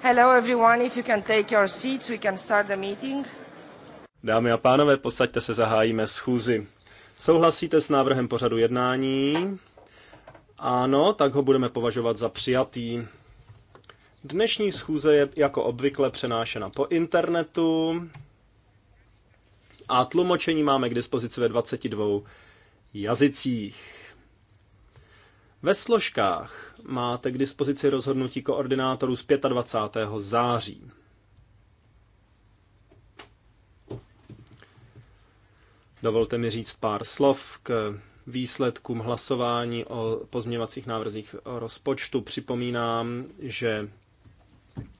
Hello everyone, if you can take your seats, we can start the meeting. Dámy a pánové, posaďte se, zahájíme schůzi. Souhlasíte s návrhem pořadu jednání? Ano, tak ho budeme považovat za přijatý. Dnešní schůze je jako obvykle přenášena po internetu a tlumočení máme k dispozici ve 22 jazycích. Ve složkách máte k dispozici rozhodnutí koordinátorů z 25. září. Dovolte mi říct pár slov k výsledkům hlasování o pozměňovacích návrzích rozpočtu. Připomínám, že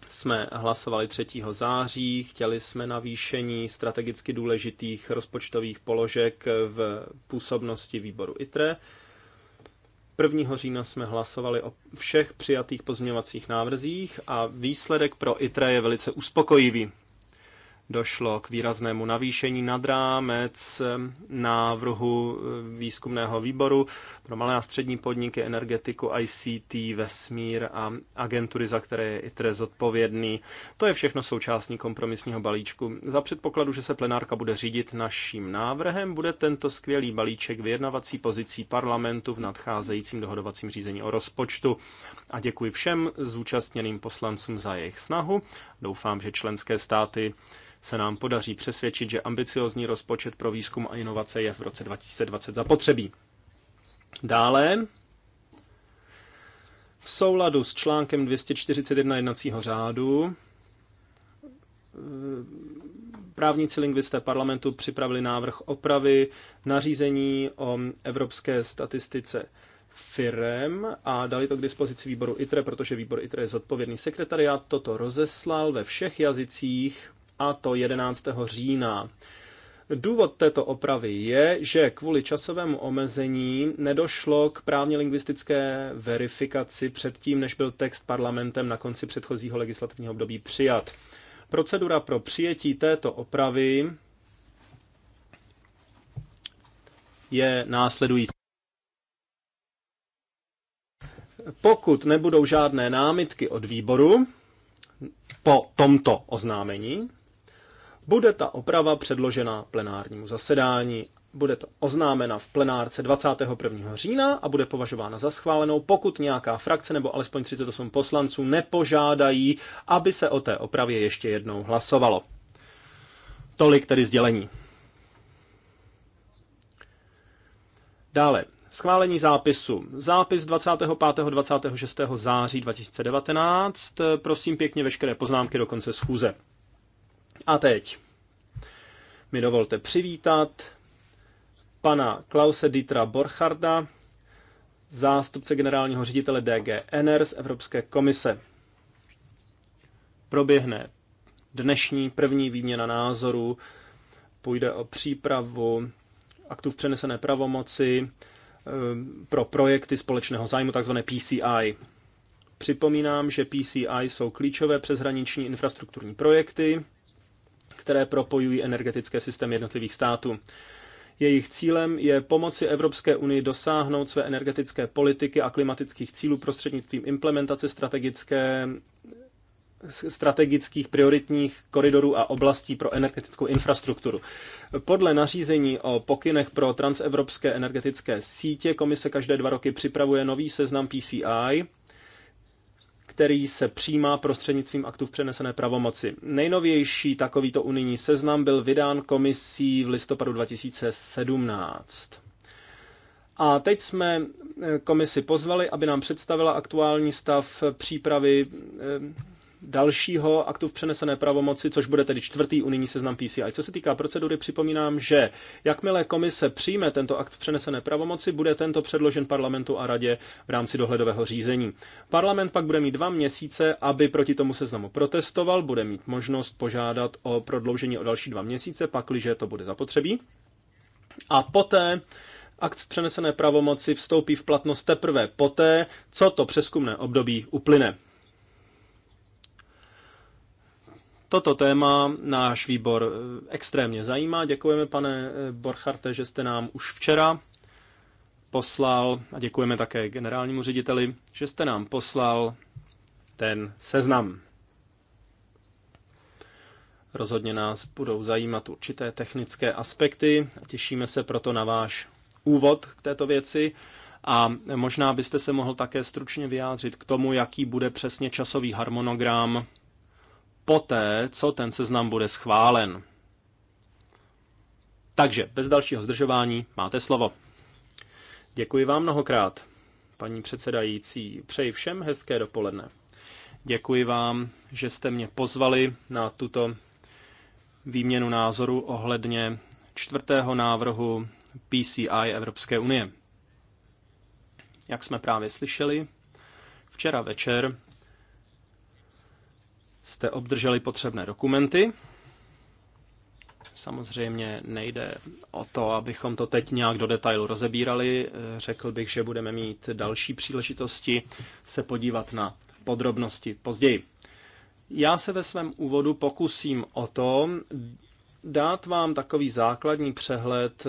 jsme hlasovali 3. září, chtěli jsme navýšení strategicky důležitých rozpočtových položek v působnosti výboru ITRE 1. října jsme hlasovali o všech přijatých pozměňovacích návrzích a výsledek pro ITRA je velice uspokojivý došlo k výraznému navýšení nad rámec návrhu eh, výzkumného výboru pro malé a střední podniky, energetiku, ICT, vesmír a agentury, za které je ITRE zodpovědný. To je všechno součástí kompromisního balíčku. Za předpokladu, že se plenárka bude řídit naším návrhem, bude tento skvělý balíček vyjednavací pozicí parlamentu v nadcházejícím dohodovacím řízení o rozpočtu. A děkuji všem zúčastněným poslancům za jejich snahu. Doufám, že členské státy se nám podaří přesvědčit, že ambiciozní rozpočet pro výzkum a inovace je v roce 2020 zapotřebí. Dále v souladu s článkem 241 jednacího řádu eh, právníci lingvisté parlamentu připravili návrh opravy nařízení o evropské statistice firem a dali to k dispozici výboru ITRE, protože výbor ITRE je zodpovědný sekretariát. Toto rozeslal ve všech jazycích a to 11. října. Důvod této opravy je, že kvůli časovému omezení nedošlo k právně lingvistické verifikaci předtím, než byl text parlamentem na konci předchozího legislativního období přijat. Procedura pro přijetí této opravy je následující. Pokud nebudou žádné námitky od výboru po tomto oznámení, bude ta oprava předložena plenárnímu zasedání. Bude to oznámena v plenárce 21. října a bude považována za schválenou, pokud nějaká frakce nebo alespoň 38 poslanců nepožádají, aby se o té opravě ještě jednou hlasovalo. Tolik tedy sdělení. Dále, schválení zápisu. Zápis 25. 26. září 2019. Prosím pěkně veškeré poznámky do konce schůze. A teď mi dovolte přivítat pana Klause Dietra Borcharda, zástupce generálního ředitele DG Ener z Evropské komise. Proběhne dnešní první výměna názorů, půjde o přípravu aktů v přenesené pravomoci eh, pro projekty společného zájmu, takzvané PCI. Připomínám, že PCI jsou klíčové přeshraniční infrastrukturní projekty, které propojují energetické systémy jednotlivých států. Jejich cílem je pomoci Evropské unii dosáhnout své energetické politiky a klimatických cílů prostřednictvím implementace strategické, strategických prioritních koridorů a oblastí pro energetickou infrastrukturu. Podle nařízení o pokynech pro transevropské energetické sítě komise každé dva roky připravuje nový seznam PCI, který se přijímá prostřednictvím aktů v přenesené pravomoci. Nejnovější takovýto unijní seznam byl vydán komisí v listopadu 2017. A teď jsme eh, komisi pozvali, aby nám představila aktuální stav přípravy eh, dalšího aktu v přenesené pravomoci, což bude tedy čtvrtý unijní seznam PCI. Co se týká procedury, připomínám, že jakmile komise přijme tento akt v přenesené pravomoci, bude tento předložen parlamentu a radě v rámci dohledového řízení. Parlament pak bude mít dva měsíce, aby proti tomu seznamu protestoval, bude mít možnost požádat o prodloužení o další dva měsíce, pakliže to bude zapotřebí. A poté akt v přenesené pravomoci vstoupí v platnost teprve poté, co to přeskumné období uplyne. Toto téma náš výbor eh, extrémně zajímá. Děkujeme, pane eh, Borcharte, že jste nám už včera poslal, a děkujeme také generálnímu řediteli, že jste nám poslal ten seznam. Rozhodně nás budou zajímat určité technické aspekty a těšíme se proto na váš úvod k této věci. A možná byste se mohl také stručně vyjádřit k tomu, jaký bude přesně časový harmonogram poté, co ten seznam bude schválen. Takže, bez dalšího zdržování, máte slovo. Děkuji vám mnohokrát, paní předsedající. Přeji všem hezké dopoledne. Děkuji vám, že jste mě pozvali na tuto výměnu názoru ohledně čtvrtého návrhu PCI Evropské unie. Jak jsme právě slyšeli, včera večer jste obdrželi potřebné dokumenty. Samozřejmě nejde o to, abychom to teď nějak do detailu rozebírali. Řekl bych, že budeme mít další příležitosti se podívat na podrobnosti později. Já se ve svém úvodu pokusím o to dát vám takový základní přehled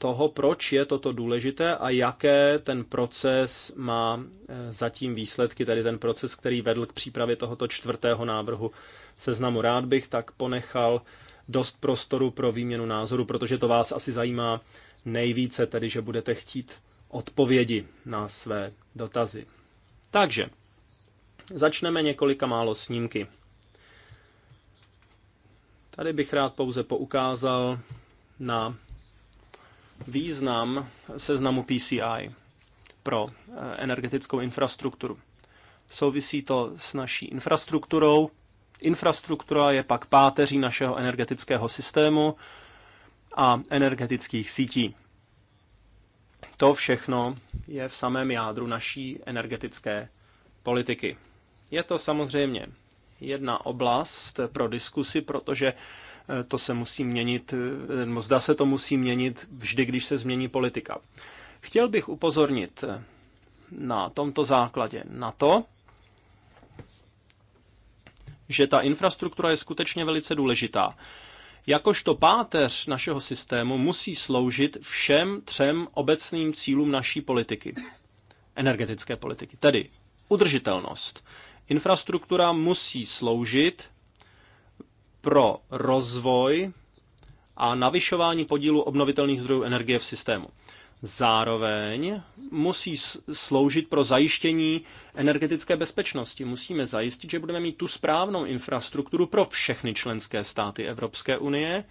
toho, proč je toto důležité a jaké ten proces má eh, zatím výsledky, tedy ten proces, který vedl k přípravě tohoto čtvrtého návrhu seznamu. Rád bych tak ponechal dost prostoru pro výměnu názoru, protože to vás asi zajímá nejvíce, tedy že budete chtít odpovědi na své dotazy. Takže začneme několika málo snímky. Tady bych rád pouze poukázal na význam seznamu PCI pro eh, energetickou infrastrukturu. Souvisí to s naší infrastrukturou. Infrastruktura je pak páteří našeho energetického systému a energetických sítí. To všechno je v samém jádru naší energetické politiky. Je to samozřejmě jedna oblast pro diskusy, protože Eh, to se musí měnit, eh, zda se to musí měnit vždy, když se změní politika. Chtěl bych upozornit eh, na tomto základě na to, že ta infrastruktura je skutečně velice důležitá. Jakožto páteř našeho systému musí sloužit všem třem obecným cílům naší politiky, energetické politiky, tedy udržitelnost. Infrastruktura musí sloužit pro rozvoj a navyšování podílu obnovitelných zdrojů energie v systému. Zároveň musí sloužit pro zajištění energetické bezpečnosti. Musíme zajistit, že budeme mít tu správnou infrastrukturu pro všechny členské státy Evropské unie,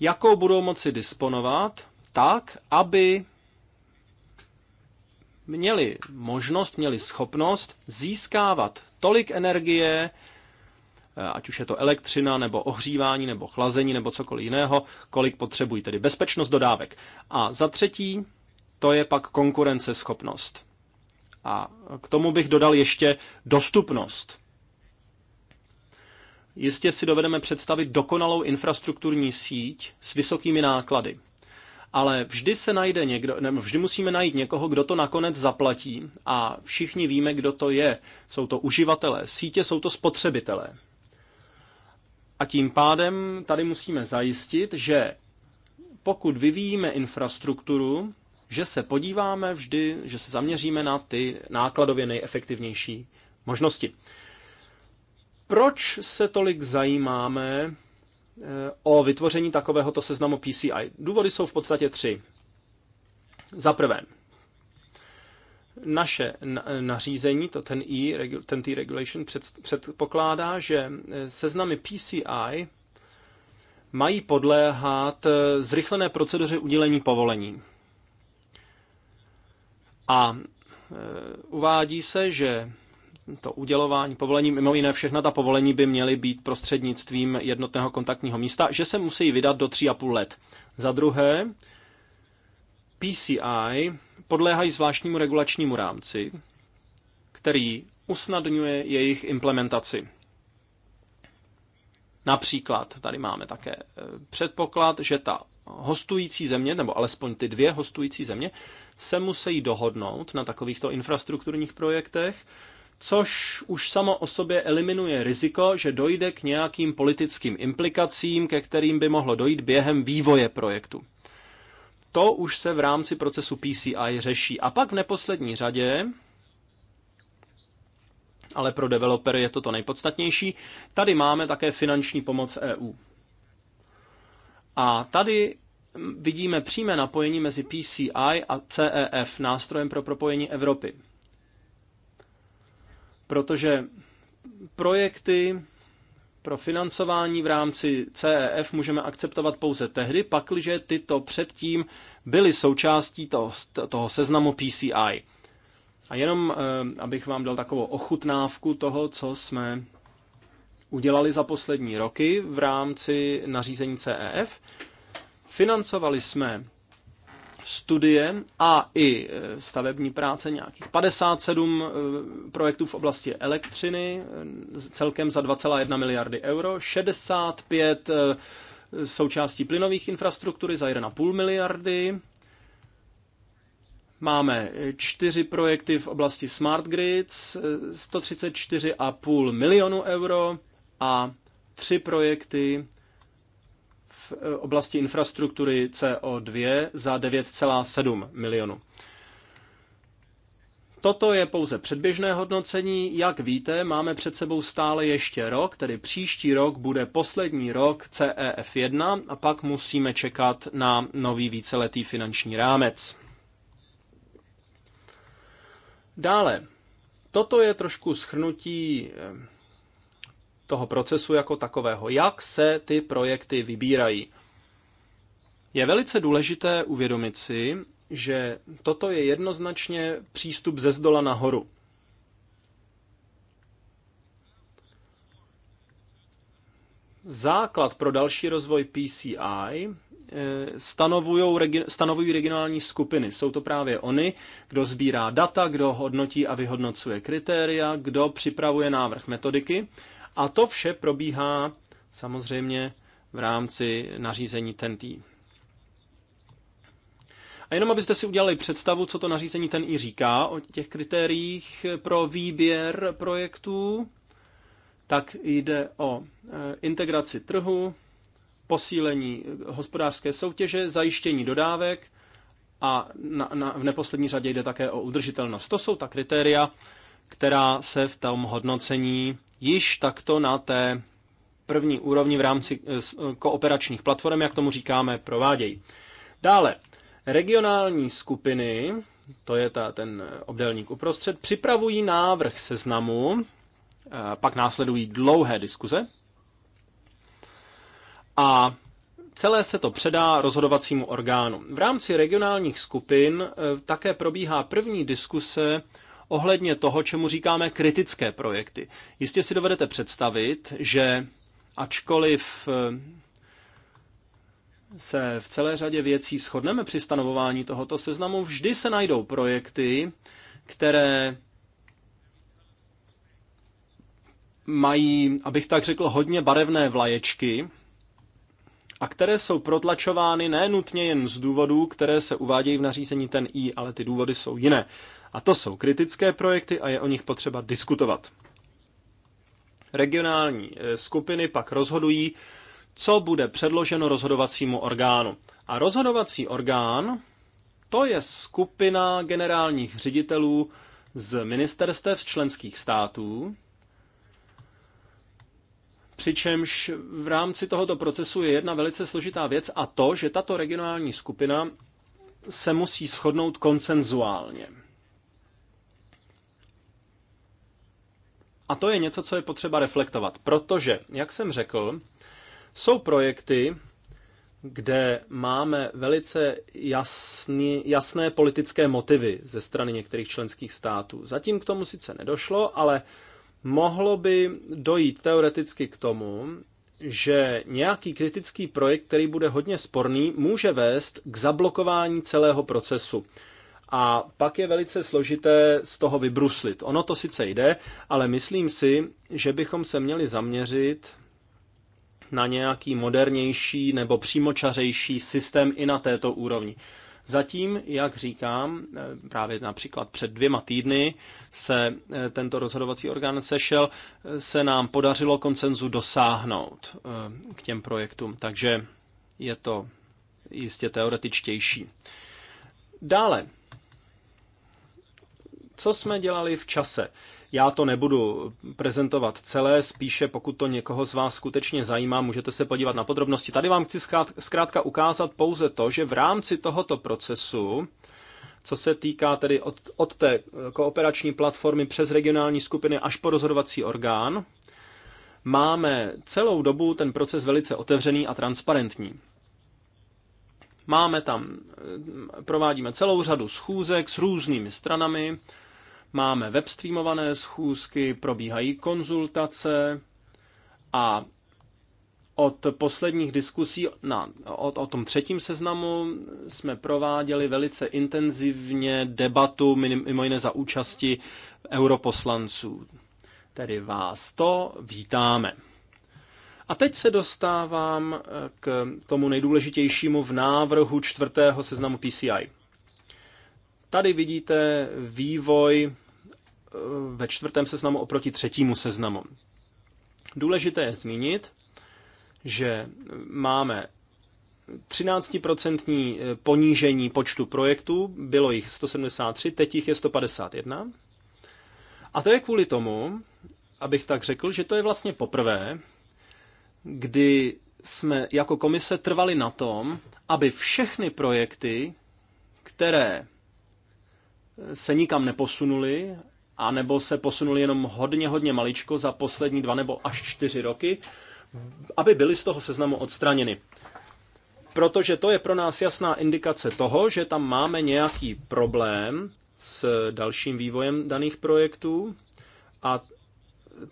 jakou budou moci disponovat, tak, aby měli možnost, měli schopnost získávat tolik energie, Eh, ať už je to elektřina, nebo ohřívání, nebo chlazení, nebo cokoliv jiného, kolik potřebují, tedy bezpečnost dodávek. A za třetí, to je pak konkurenceschopnost. A k tomu bych dodal ještě dostupnost. Jistě si dovedeme představit dokonalou infrastrukturní síť s vysokými náklady. Ale vždy se najde někdo, ne, vždy musíme najít někoho, kdo to nakonec zaplatí. A všichni víme, kdo to je. Jsou to uživatelé sítě, jsou to spotřebitelé. A tím pádem tady musíme zajistit, že pokud vyvíjíme infrastrukturu, že se podíváme vždy, že se zaměříme na ty nákladově nejefektivnější možnosti. Proč se tolik zajímáme eh, o vytvoření takovéhoto seznamu PCI? Důvody jsou v podstatě tři. Za prvé, naše nařízení, to ten E, ten T regulation, předpokládá, že eh, seznamy PCI mají podléhat eh, zrychlené proceduře udělení povolení. A eh, uvádí se, že to udělování povolení, mimo jiné všechna ta povolení by měly být prostřednictvím jednotného kontaktního místa, že se musí vydat do 3,5 let. Za druhé, PCI podléhají zvláštnímu regulačnímu rámci, který usnadňuje jejich implementaci. Například tady máme také eh, předpoklad, že ta hostující země, nebo alespoň ty dvě hostující země, se musí dohodnout na takovýchto infrastrukturních projektech, což už samo o sobě eliminuje riziko, že dojde k nějakým politickým implikacím, ke kterým by mohlo dojít během vývoje projektu to už se v rámci procesu PCI řeší. A pak v neposlední řadě, ale pro developery je to to nejpodstatnější, tady máme také finanční pomoc EU. A tady mm, vidíme přímé napojení mezi PCI a CEF, nástrojem pro propojení Evropy. Protože projekty pro financování v rámci CEF můžeme akceptovat pouze tehdy, pakliže tyto předtím byly součástí toho, toho seznamu PCI. A jenom, eh, abych vám dal takovou ochutnávku toho, co jsme udělali za poslední roky v rámci nařízení CEF, financovali jsme studie a i e, stavební práce nějakých 57 e, projektů v oblasti elektřiny, e, celkem za 2,1 miliardy euro, 65 součástí plynových infrastruktury za 1,5 miliardy, Máme čtyři projekty v oblasti Smart Grids, 134,5 milionu euro a tři projekty Eh, oblasti infrastruktury CO2 za 9,7 milionů. Toto je pouze předběžné hodnocení. Jak víte, máme před sebou stále ještě rok, tedy příští rok bude poslední rok CEF1 a pak musíme čekat na nový víceletý finanční rámec. Dále, toto je trošku schrnutí eh, toho procesu jako takového, jak se ty projekty vybírají. Je velice důležité uvědomit si, že toto je jednoznačně přístup ze zdola nahoru. Základ pro další rozvoj PCI eh, stanovují, regionální skupiny. Jsou to právě oni, kdo sbírá data, kdo hodnotí a vyhodnocuje kritéria, kdo připravuje návrh metodiky a to vše probíhá samozřejmě v rámci nařízení TEN T. A jenom abyste si udělali představu, co to nařízení ten i říká o těch kritériích pro výběr projektů, tak jde o e, integraci trhu, posílení hospodářské soutěže, zajištění dodávek a na, na, v neposlední řadě jde také o udržitelnost. To jsou ta kritéria, která se v tom hodnocení již takto na té první úrovni v rámci eh, eh, kooperačních platform, jak tomu říkáme, provádějí. Dále, regionální skupiny, to je ta, ten eh, obdelník uprostřed, připravují návrh seznamu, pak následují dlouhé diskuze a celé se to předá rozhodovacímu orgánu. V rámci regionálních skupin také probíhá první diskuse ohledně toho, čemu říkáme kritické projekty. Jistě si dovedete představit, že ačkoliv eh, se v celé řadě věcí shodneme při stanovování tohoto seznamu, vždy se najdou projekty, které mají, abych tak řekl, hodně barevné vlaječky a které jsou protlačovány ne nutně jen z důvodů, které se uvádějí v nařízení ten I, ale ty důvody jsou jiné. A to jsou kritické projekty a je o nich potřeba diskutovat. Regionální eh, skupiny pak rozhodují, co bude předloženo rozhodovacímu orgánu. A rozhodovací orgán to je skupina generálních ředitelů z ministerstev členských států, Přičemž v rámci tohoto procesu je jedna velice složitá věc a to, že tato regionální skupina se musí shodnout konsenzuálně. A to je něco, co je potřeba reflektovat, protože, jak jsem řekl, jsou projekty, kde máme velice jasný, jasné politické motivy ze strany některých členských států. Zatím k tomu sice nedošlo, ale mohlo by dojít teoreticky k tomu, že nějaký kritický projekt, který bude hodně sporný, může vést k zablokování celého procesu a pak je velice složité z toho vybruslit. Ono to sice jde, ale myslím si, že bychom se měli zaměřit na nějaký modernější nebo přímočařejší systém i na této úrovni. Zatím, jak říkám, eh, právě například před dvěma týdny se eh, tento rozhodovací orgán sešel, eh, se nám podařilo koncenzu dosáhnout k těm projektům, takže je to jistě teoretičtější. Dále, co jsme dělali v čase? Já to nebudu prezentovat celé, spíše pokud to někoho z vás skutečně zajímá, můžete se podívat na podrobnosti. Tady vám chci zkrátka ukázat pouze to, že v rámci tohoto procesu, co se týká tedy od, od té kooperační platformy přes regionální skupiny až po rozhodovací orgán, máme celou dobu ten proces velice otevřený a transparentní. Máme tam, eh, provádíme celou řadu schůzek s různými stranami, Máme webstreamované schůzky, probíhají konzultace a od posledních diskusí na, o, o tom třetím seznamu jsme prováděli velice intenzivně debatu, mimo jiné za účasti europoslanců, tedy vás. To vítáme. A teď se dostávám eh, k tomu nejdůležitějšímu v návrhu čtvrtého seznamu PCI. Tady vidíte vývoj Eh, ve čtvrtém seznamu oproti třetímu seznamu. Důležité je zmínit, že máme 13% eh, ponížení počtu projektů, bylo jich 173, teď jich je 151. A to je kvůli tomu, abych tak řekl, že to je vlastně poprvé, kdy jsme jako komise trvali na tom, aby všechny projekty, které se nikam neposunuly a nebo se posunuli jenom hodně, hodně maličko za poslední dva nebo až čtyři roky, aby byly z toho seznamu odstraněny. Protože to je pro nás jasná indikace toho, že tam máme nějaký problém s dalším vývojem daných projektů a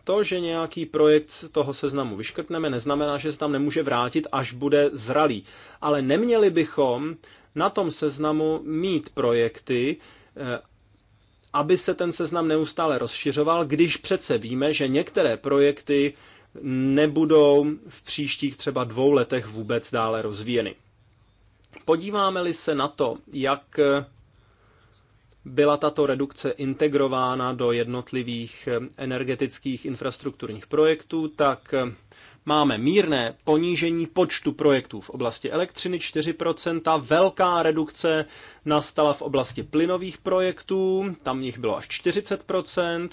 to, že nějaký projekt z toho seznamu vyškrtneme, neznamená, že se tam nemůže vrátit, až bude zralý. Ale neměli bychom na tom seznamu mít projekty, eh, aby se ten seznam neustále rozšiřoval, když přece víme, že některé projekty nebudou v příštích třeba dvou letech vůbec dále rozvíjeny. Podíváme-li se na to, jak byla tato redukce integrována do jednotlivých energetických infrastrukturních projektů, tak Máme mírné ponížení počtu projektů v oblasti elektřiny 4%, velká redukce nastala v oblasti plynových projektů, tam jich bylo až 40%.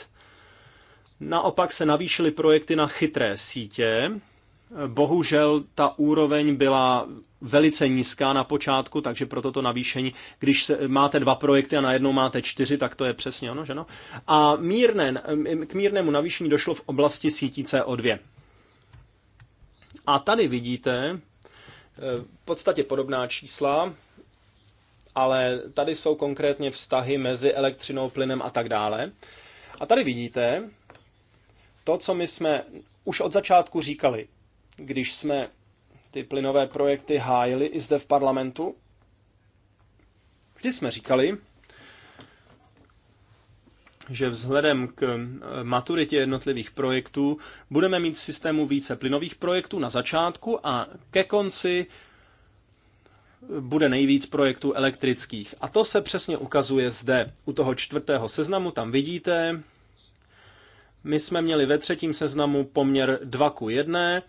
Naopak se navýšily projekty na chytré sítě. Bohužel ta úroveň byla velice nízká na počátku, takže proto to navýšení, když se, máte dva projekty a najednou máte čtyři, tak to je přesně ono, že no? A mírné, k mírnému navýšení došlo v oblasti sítí CO2. A tady vidíte eh, v podstatě podobná čísla, ale tady jsou konkrétně vztahy mezi elektřinou, plynem a tak dále. A tady vidíte to, co my jsme už od začátku říkali, když jsme ty plynové projekty hájili i zde v parlamentu. Vždy jsme říkali, že vzhledem k eh, maturitě jednotlivých projektů budeme mít v systému více plynových projektů na začátku a ke konci bude nejvíc projektů elektrických. A to se přesně ukazuje zde. U toho čtvrtého seznamu tam vidíte, my jsme měli ve třetím seznamu poměr 2 ku 1,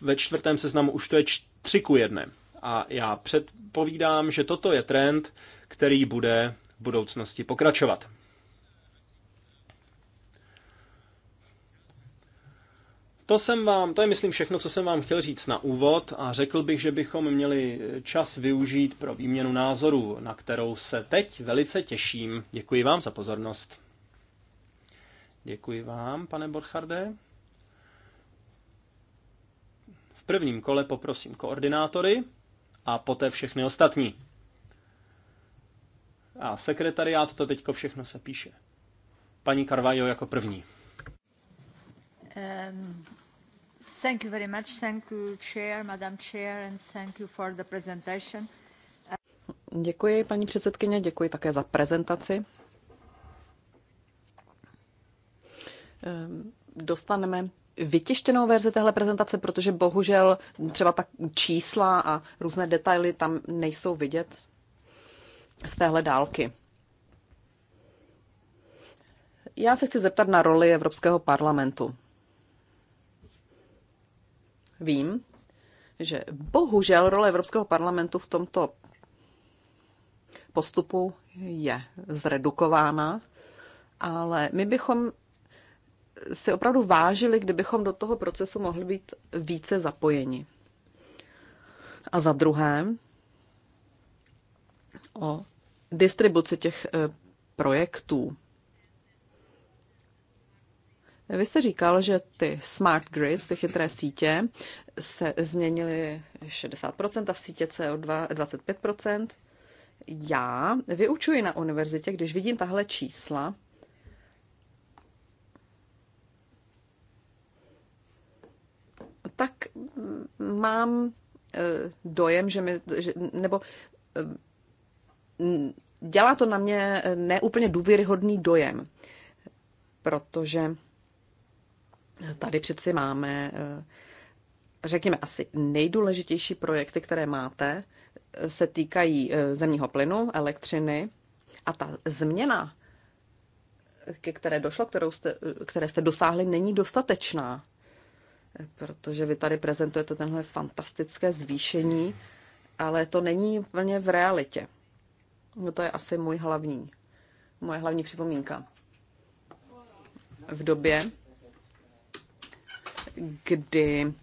ve čtvrtém seznamu už to je 3 ku 1. A já předpovídám, že toto je trend, který bude v budoucnosti pokračovat. To jsem vám, to je myslím všechno, co jsem vám chtěl říct na úvod a řekl bych, že bychom měli čas využít pro výměnu názorů, na kterou se teď velice těším. Děkuji vám za pozornost. Děkuji vám, pane Borcharde. V prvním kole poprosím koordinátory a poté všechny ostatní. A sekretariát to teďko všechno se píše. Paní Carvajo jako první. Um, Thank you very much. Thank you, chair, madam chair, and thank you for the presentation. Děkuji, paní předsedkyně, děkuji také za prezentaci. Ehm, dostaneme vytištěnou verzi téhle prezentace, protože bohužel třeba ta čísla a různé detaily tam nejsou vidět z téhle dálky. Já se chci zeptat na roli Evropského parlamentu vím, že bohužel role Evropského parlamentu v tomto postupu je zredukována, ale my bychom si opravdu vážili, kdybychom do toho procesu mohli být více zapojeni. A za druhé, o distribuci těch eh, projektů. Vy jste říkal, že ty smart grids, ty chytré sítě, se změnily 60% a sítě CO2 25%. Já vyučuji na univerzitě, když vidím tahle čísla, tak mm, mám e, dojem, že mi, že, nebo e, dělá to na mě e, neúplně důvěryhodný dojem, protože Tady přeci máme, eh, řekněme, asi nejdůležitější projekty, které máte, eh, se týkají eh, zemního plynu, elektřiny a ta změna, ke které došlo, kterou jste, které jste dosáhli, není dostatečná. Protože vy tady prezentujete tenhle fantastické zvýšení, ale to není plně v realitě. No to je asi můj hlavní, moje hlavní připomínka. V době, kdy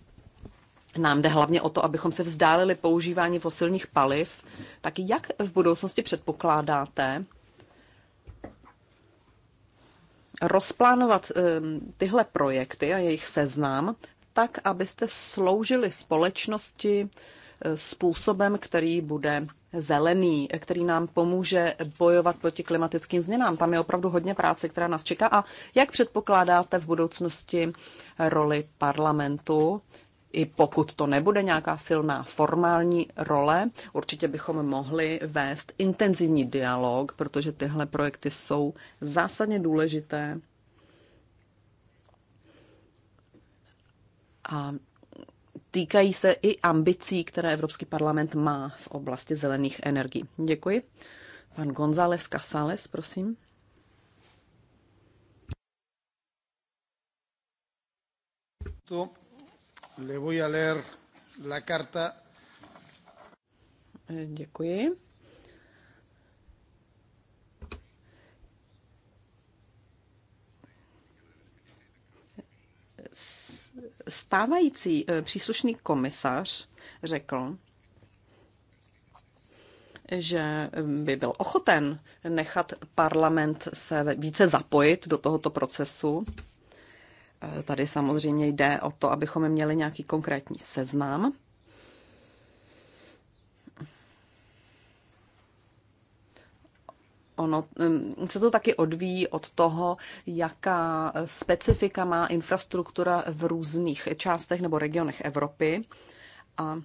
nám jde hlavně o to, abychom se vzdálili používání fosilních paliv, tak jak v budoucnosti předpokládáte rozplánovat ehm, tyhle projekty a jejich seznam tak, abyste sloužili společnosti eh, způsobem, který bude zelený, který nám pomůže bojovat proti klimatickým změnám. Tam je opravdu hodně práce, která nás čeká. A jak předpokládáte v budoucnosti roli parlamentu? I pokud to nebude nějaká silná formální role, určitě bychom mohli vést intenzivní dialog, protože tyhle projekty jsou zásadně důležité. A týkají se i ambicí, které Evropský parlament má v oblasti zelených energií. Děkuji. Pan González Casales, prosím. To le voy a leer la carta. Eh, děkuji. S Stávající eh, příslušný komisař řekl, že eh, by byl ochoten nechat parlament se více zapojit do tohoto procesu. Eh, tady samozřejmě jde o to, abychom měli nějaký konkrétní seznam ono se to taky odvíjí od toho, jaká specifika má infrastruktura v různých částech nebo regionech Evropy. A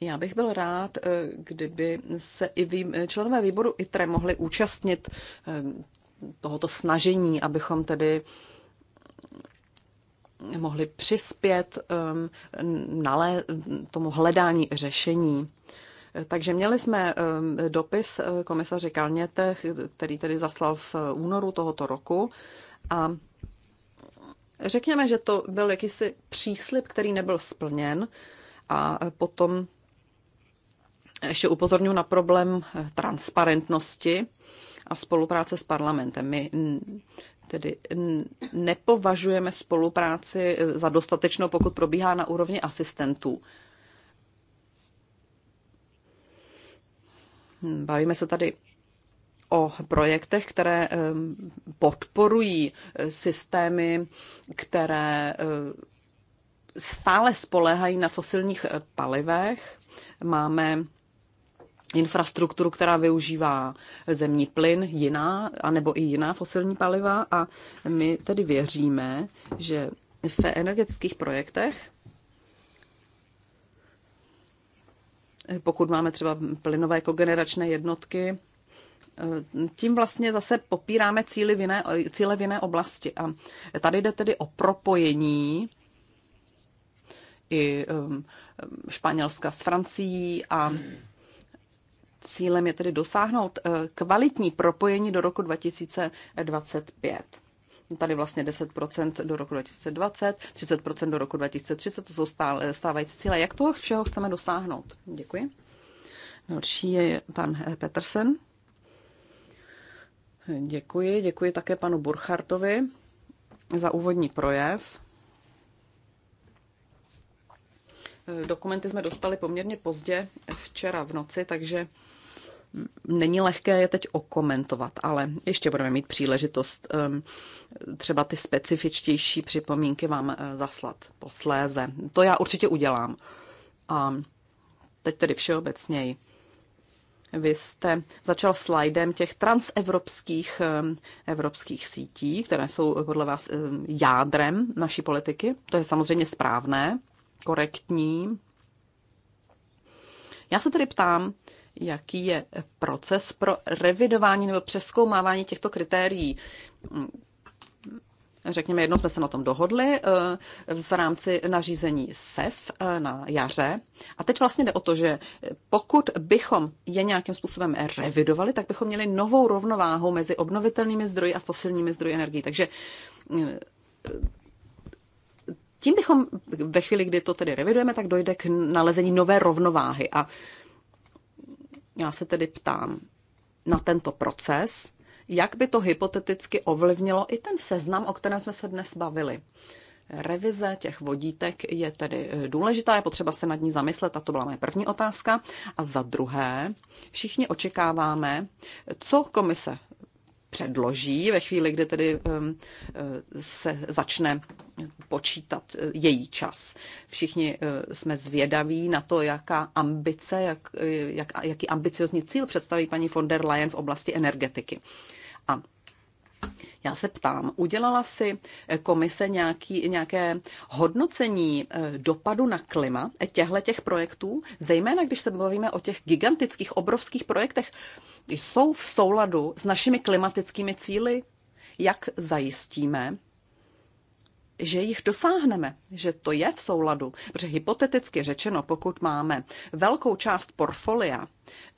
já bych byl rád, eh, kdyby se i členové výboru ITRE mohli účastnit eh, tohoto snažení, abychom tedy mohli přispět um, nalé, tomu hledání řešení. Takže měli jsme ehm, dopis eh, komisaři Kalněte, který tedy zaslal v eh, únoru tohoto roku a řekněme, že to byl jakýsi příslip, který nebyl splněn a eh, potom ještě upozorňuji na problém transparentnosti a spolupráce s parlamentem. My tedy nepovažujeme spolupráci za dostatečnou, pokud probíhá na úrovni asistentů. Bavíme se tady o projektech, které eh, podporují eh, systémy, které eh, stále spoléhají na fosilních palivech. Máme infrastrukturu, která využívá zemní plyn, jiná, anebo i jiná fosilní paliva a my tedy věříme, že v energetických projektech pokud máme třeba plynové kogeneračné jednotky, eh, tím vlastně zase popíráme cíly v jiné, cíle v jiné oblasti. A tady jde tedy o propojení i ehm, Španělska s Francií a cílem je tedy dosáhnout eh, kvalitní propojení do roku 2025. Tady vlastně 10% do roku 2020, 30% do roku 2030, to jsou stále, stávající cíle. Jak toho všeho chceme dosáhnout? Děkuji. Další je pan Petersen. Děkuji, děkuji také panu Burchartovi za úvodní projev. Dokumenty jsme dostali poměrně pozdě, včera v noci, takže není lehké je teď okomentovat, ale ještě budeme mít příležitost ehm, třeba ty specifičtější připomínky vám eh, zaslat posléze. To já určitě udělám. A teď tedy všeobecněji. Vy jste začal slajdem těch transevropských ehm, evropských sítí, které jsou podle vás ehm, jádrem naší politiky. To je samozřejmě správné, korektní. Já se tedy ptám, jaký je proces pro revidování nebo přeskoumávání těchto kritérií. Řekněme, jednou jsme se na tom dohodli eh, v rámci nařízení SEF eh, na jaře. A teď vlastně jde o to, že pokud bychom je nějakým způsobem revidovali, tak bychom měli novou rovnováhu mezi obnovitelnými zdroji a fosilními zdroji energie. Takže eh, tím bychom ve chvíli, kdy to tedy revidujeme, tak dojde k nalezení nové rovnováhy. A já se tedy ptám na tento proces, jak by to hypoteticky ovlivnilo i ten seznam, o kterém jsme se dnes bavili. Revize těch vodítek je tedy eh, důležitá, je potřeba se nad ní zamyslet a to byla moje první otázka. A za druhé, všichni očekáváme, co komise předloží ve chvíli, kdy tedy um, uh, se začne počítat uh, její čas. Všichni uh, jsme zvědaví na to, jaká ambice, jak, jak, jaký ambiciozní cíl představí paní von der Leyen v oblasti energetiky. Já se ptám, udělala si eh, komise nějaký, nějaké hodnocení eh, dopadu na klima eh, těchto těch projektů, zejména když se bavíme o těch gigantických, obrovských projektech, jsou v souladu s našimi klimatickými cíly? Jak zajistíme, že jich dosáhneme, že to je v souladu. Protože hypoteticky řečeno, pokud máme velkou část portfolia,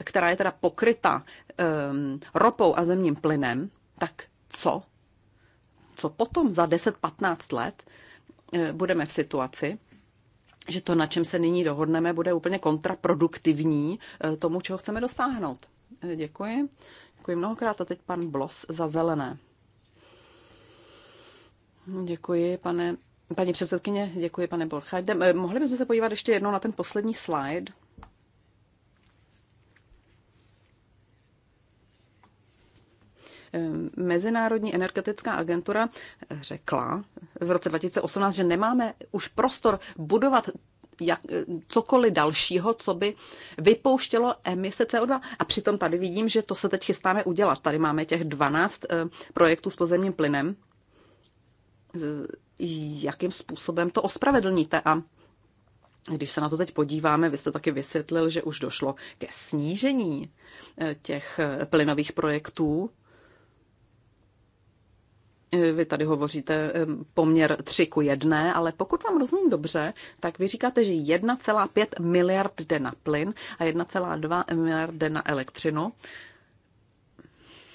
která je teda pokryta um, ropou a zemním plynem, tak co? Co potom za 10-15 let eh, budeme v situaci, že to, na čem se nyní dohodneme, bude úplně kontraproduktivní eh, tomu, čeho chceme dosáhnout. Eh, děkuji. Děkuji mnohokrát a teď pan Blos za zelené. Děkuji, pane, paní předsedkyně, děkuji, pane Borcha. Mohli bychom se podívat ještě jednou na ten poslední slide. Eh, Mezinárodní energetická agentura řekla v roce 2018, že nemáme už prostor budovat jak, eh, cokoliv dalšího, co by vypouštělo emise CO2. A přitom tady vidím, že to se teď chystáme udělat. Tady máme těch 12 eh, projektů s pozemním plynem. Jakým způsobem to ospravedlníte? A když se na to teď podíváme, vy jste taky vysvětlil, že už došlo ke snížení těch plynových projektů Eh, vy tady hovoříte eh, poměr 3 ku 1, ale pokud vám rozumím dobře, tak vy říkáte, že 1,5 miliard jde na plyn a 1,2 miliard jde na elektřinu.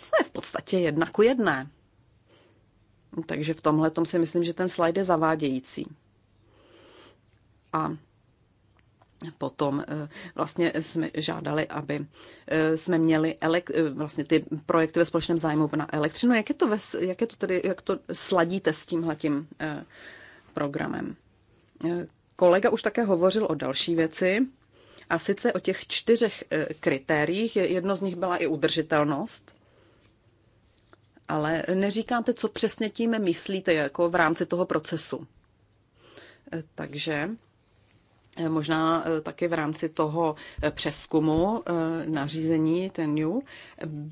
To je v podstatě 1 ku 1. Takže v tomhle tom si myslím, že ten slide je zavádějící. A Potom eh, vlastně jsme žádali, aby eh, jsme měli elek- eh, vlastně ty projekty ve společném zájmu na elektřinu. Jak je to, ve, jak je to tedy, jak to sladíte s tímhletím programem? Kolega už také hovořil o další věci, a sice o těch čtyřech kritériích. Jedno z nich byla i udržitelnost. Ale neříkáte, co přesně tím myslíte jako v rámci toho procesu. Takže Eh, možná eh, taky v rámci toho eh, přeskumu nařízení ten new,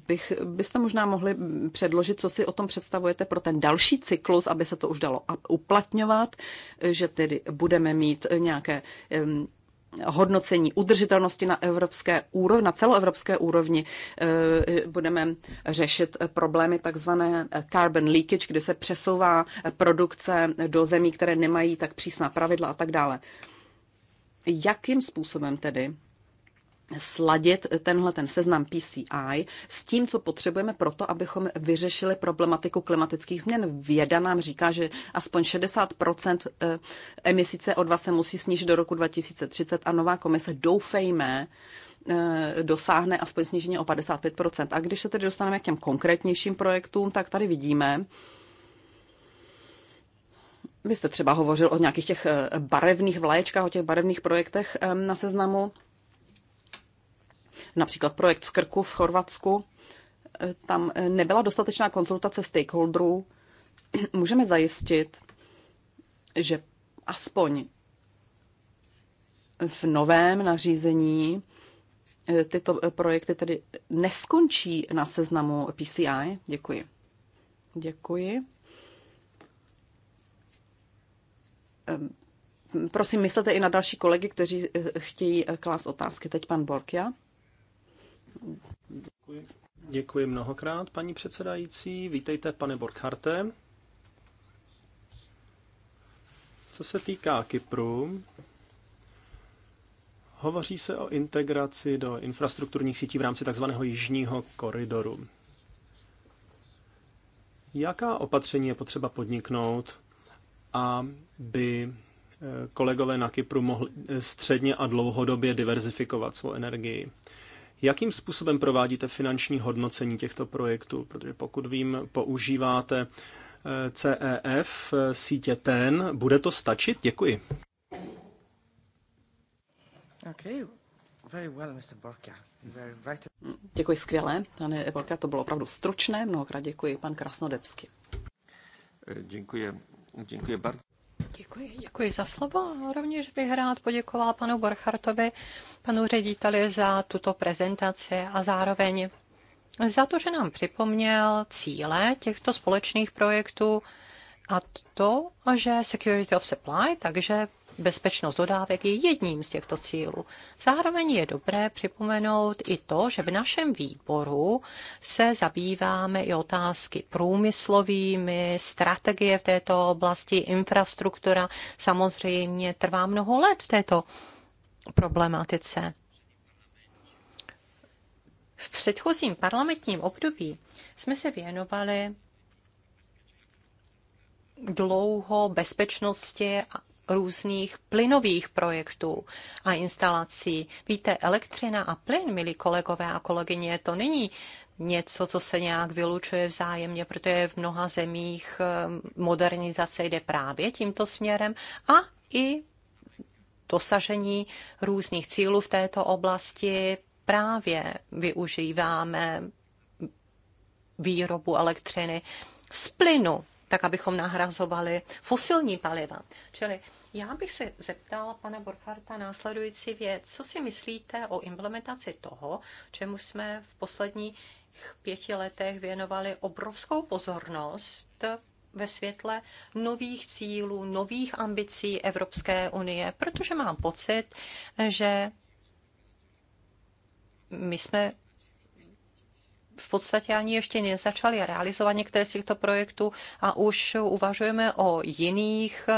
bych, byste možná mohli předložit, co si o tom představujete pro ten další cyklus, aby se to už dalo uplatňovat, že tedy budeme mít nějaké hodnocení udržitelnosti na evropské úrovni, na celoevropské úrovni budeme řešit problémy takzvané carbon leakage, kdy se přesouvá produkce do zemí, které nemají tak přísná pravidla a tak dále jakým způsobem tedy sladit tenhle ten seznam PCI s tím, co potřebujeme pro to, abychom vyřešili problematiku klimatických změn. Věda nám říká, že aspoň 60 eh, emisí CO2 se musí snížit do roku 2030 a nová komise, doufejme, eh, dosáhne aspoň snížení o 55 A když se tedy dostaneme k těm konkrétnějším projektům, tak tady vidíme, vy jste třeba hovořil o nějakých těch eh, barevných vlaječkách, o těch barevných projektech na seznamu. Například projekt v Krku v Chorvatsku. Eh, tam eh, nebyla dostatečná konzultace stakeholderů. Můžeme zajistit, že aspoň v novém nařízení tyto projekty tedy neskončí na seznamu PCI. Děkuji. Děkuji. prosím, myslete i na další kolegy, kteří eh, chtějí eh, klást otázky. Teď pan Borkia. Děkuji. Děkuji mnohokrát, paní předsedající. Vítejte, pane Borkharte. Co se týká Kypru, hovoří se o integraci do infrastrukturních sítí v rámci tzv. jižního koridoru. Jaká opatření je potřeba podniknout, a by eh, kolegové na Kypru mohli eh, středně a dlouhodobě diverzifikovat svou energii. Jakým způsobem provádíte finanční hodnocení těchto projektů? Protože pokud vím, používáte eh, CEF, sítě TEN. Bude to stačit? Děkuji. Děkuji skvěle, pane Eborka, to bylo opravdu stručné. Mnohokrát děkuji, pan Krasnodebsky. Děkuji Děkuji bardzo. Děkuji, děkuji za slovo. Rovněž bych rád poděkoval panu Borchartovi, panu řediteli za tuto prezentaci a zároveň za to, že nám připomněl cíle těchto společných projektů a to, že Security of Supply, takže bezpečnost dodávek je jedním z těchto cílů. Zároveň je dobré připomenout i to, že v našem výboru se zabýváme i otázky průmyslovými, strategie v této oblasti, infrastruktura. Samozřejmě trvá mnoho let v této problematice. V předchozím parlamentním období jsme se věnovali dlouho bezpečnosti různých plynových projektů a instalací. Víte, elektřina a plyn, milí kolegové a kolegyně, to není něco, co se nějak vylučuje vzájemně, protože v mnoha zemích ehm, modernizace jde právě tímto směrem a i dosažení různých cílů v této oblasti právě využíváme výrobu elektřiny z plynu, tak abychom nahrazovali fosilní paliva. Čili já bych se zeptala pana Borcharta následující věc. Co si myslíte o implementaci toho, čemu jsme v posledních pěti letech věnovali obrovskou pozornost ve světle nových cílů, nových ambicí Evropské unie, protože mám pocit, že my jsme v podstatě ani ještě nezačali realizovat některé z těchto projektů a už uvažujeme o jiných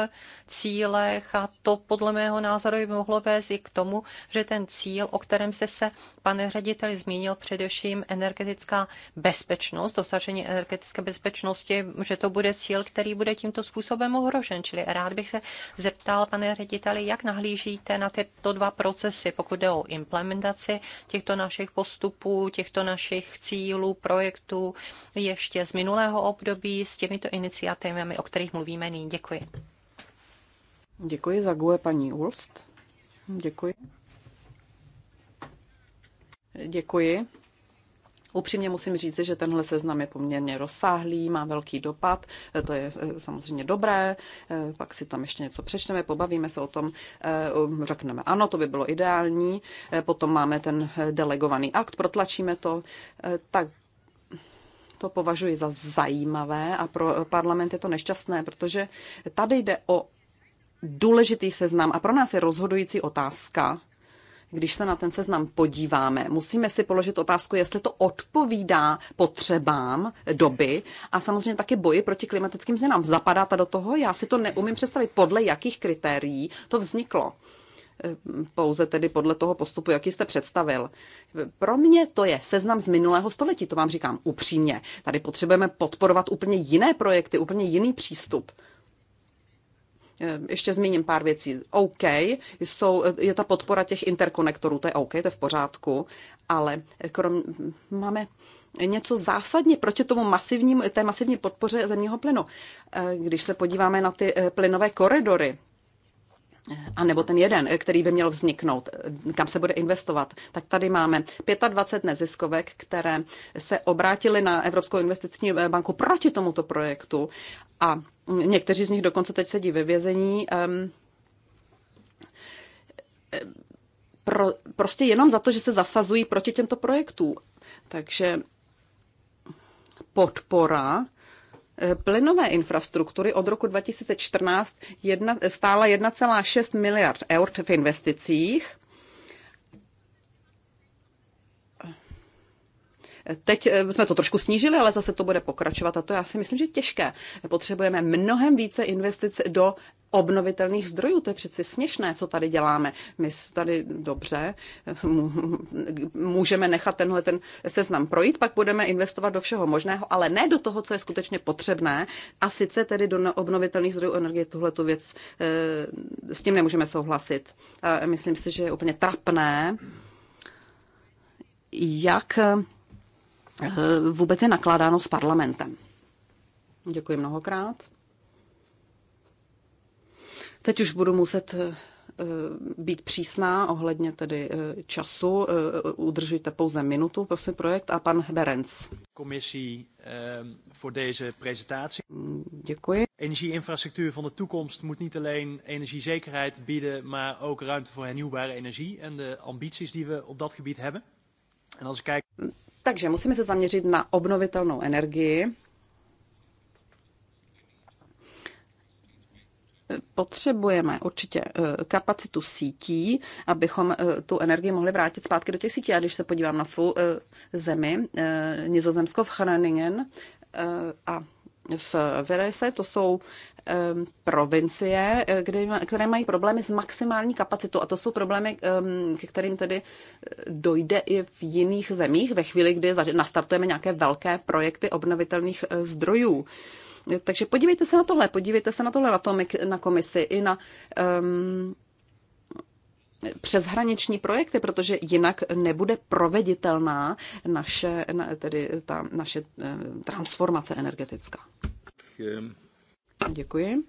cílech a to podle mého názoru by mohlo vést i k tomu, že ten cíl, o kterém jste se, pane řediteli, zmínil především energetická bezpečnost, dosažení energetické bezpečnosti, že to bude cíl, který bude tímto způsobem ohrožen. Čili rád bych se zeptal, pane řediteli, jak nahlížíte na tyto dva procesy, pokud jde o implementaci těchto našich postupů, těchto našich cílů, cílů, projektů ještě z minulého období s těmito iniciativami, o kterých mluvíme nyní. Děkuji. Děkuji za GUE paní Ulst. Děkuji. Děkuji. Upřímně musím říct, že tenhle seznam je poměrně rozsáhlý, má velký dopad, e, to je e, samozřejmě dobré, e, pak si tam ještě něco přečteme, pobavíme se o tom, um, řekneme ano, to by bylo ideální, potom máme ten delegovaný akt, protlačíme to, tak to považuji za zajímavé a pro parlament je to nešťastné, protože tady jde o důležitý seznam a pro nás je rozhodující otázka, když se na ten seznam podíváme, musíme si položit otázku, jestli to odpovídá potřebám doby a samozřejmě také boji proti klimatickým změnám. Zapadá ta do toho? Já si to neumím představit, podle jakých kritérií to vzniklo. Ehm, pouze tedy podle toho postupu, jaký jste představil. Pro mě to je seznam z minulého století, to vám říkám upřímně. Tady potřebujeme podporovat úplně jiné projekty, úplně jiný přístup. Ehm, ještě zmíním pár věcí. OK, jsou, eh, je ta podpora těch interkonektorů, to je OK, to je v pořádku, ale krom, máme něco zásadně proti tomu masivním, té masivní podpoře zemního plynu. Eh, když se podíváme na ty eh, plynové koridory, a nebo ten jeden, který by měl vzniknout, kam se bude investovat. Tak tady máme 25 neziskovek, které se obrátily na Evropskou investiční banku proti tomuto projektu a Někteří z nich dokonce teď sedí ve vězení. Pro, prostě jenom za to, že se zasazují proti těmto projektům. Takže podpora eh, plynové infrastruktury od roku 2014 jedna, stála 1,6 miliard eur v investicích Teď eh, jsme to trošku snížili, ale zase to bude pokračovat a to já si myslím, že je těžké. Potřebujeme mnohem více investic do obnovitelných zdrojů. To je přeci směšné, co tady děláme. My tady dobře eh, můžeme nechat tenhle ten seznam projít, pak budeme investovat do všeho možného, ale ne do toho, co je skutečně potřebné. A sice tedy do no- obnovitelných zdrojů energie tuhle tu věc eh, s tím nemůžeme souhlasit. A myslím si, že je úplně trapné, jak Eh, vůbec je nakládáno s parlamentem. Děkuji mnohokrát. Teď už budu muset eh, eh, být přísná ohledně tedy času. Udržujte pouze minutu, prosím, projekt a pan Berens. Komisí ehm, voor deze presentatie. Mm, děkuji. Energieinfrastructuur van de toekomst moet niet alleen energiezekerheid bieden, maar ook ruimte voor hernieuwbare energie en de ambities die we op dat gebied hebben. En als kijk... Takže musíme se zaměřit na obnovitelnou energii. Potřebujeme určitě eh, kapacitu sítí, abychom eh, tu energii mohli vrátit zpátky do těch sítí. A když se podívám na svou eh, zemi, Nizozemsko v Hraningen a v Verese, to jsou Um, provincie, eh, kde, které mají problémy s maximální kapacitou. A to jsou problémy, um, ke kterým tedy eh, dojde i v jiných zemích ve chvíli, kdy nastartujeme nějaké velké projekty obnovitelných eh, zdrojů. Takže podívejte se na tohle, podívejte se na tohle na, to, na komisi i na um, přeshraniční projekty, protože jinak nebude proveditelná naše, tedy ta naše transformace energetická. Děkuji.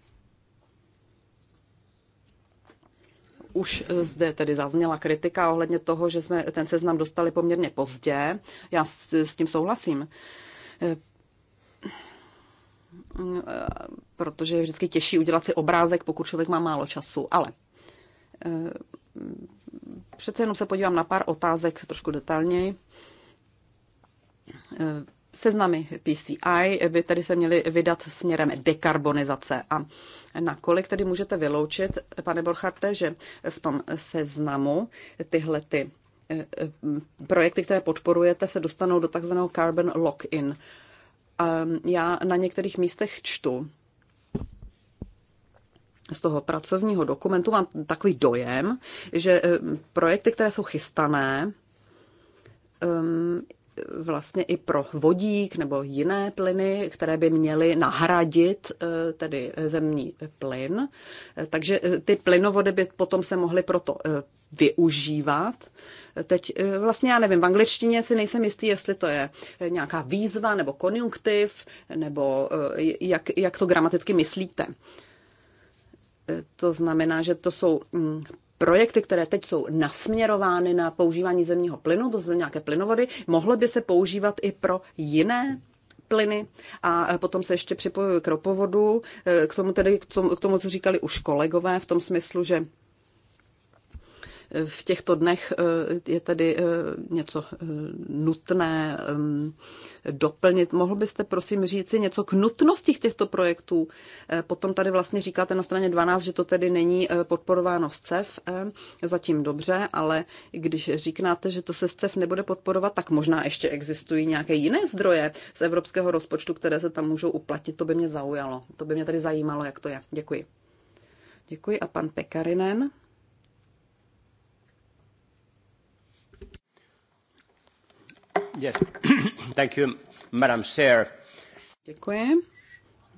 Už eh, zde tedy zazněla kritika ohledně toho, že jsme ten seznam dostali poměrně pozdě. Já s, s tím souhlasím eh, protože je vždycky těžší udělat si obrázek, pokud člověk má málo času, ale eh, přece jenom se podívám na pár otázek trošku detailněji. Seznamy PCI by tedy se měly vydat směrem dekarbonizace. A nakolik tedy můžete vyloučit, pane Borcharte, že v tom seznamu tyhle ty eh, eh, projekty, které podporujete, se dostanou do takzvaného carbon lock-in. Ehm, já na některých místech čtu z toho pracovního dokumentu, mám takový dojem, že eh, projekty, které jsou chystané, ehm, vlastně i pro vodík nebo jiné plyny, které by měly nahradit eh, tedy zemní plyn. Eh, takže eh, ty plynovody by potom se mohly proto využívat. Teď vlastně já nevím, v angličtině si nejsem jistý, jestli to je nějaká výzva nebo konjunktiv, nebo jak, jak to gramaticky myslíte. To znamená, že to jsou mm, projekty, které teď jsou nasměrovány na používání zemního plynu, to jsou nějaké plynovody, mohly by se používat i pro jiné plyny a e, potom se ještě připojuji k ropovodu, e, k tomu tedy, k tomu co říkali už kolegové, v tom smyslu, že v těchto dnech eh, je tedy eh, něco eh, nutné ehm, doplnit. Mohl byste prosím si něco k nutnosti těchto projektů? Potom tady vlastně říkáte na straně 12, že to tedy není podporováno z CEF, zatím dobře, ale když říknáte, že to se z CEF nebude podporovat, tak možná ještě existují nějaké jiné zdroje z evropského rozpočtu, které se tam můžou uplatit. To by mě zaujalo. To by mě tady zajímalo, jak to je. Děkuji. Děkuji a pan Pekarinen. Madam Chair. Děkuji.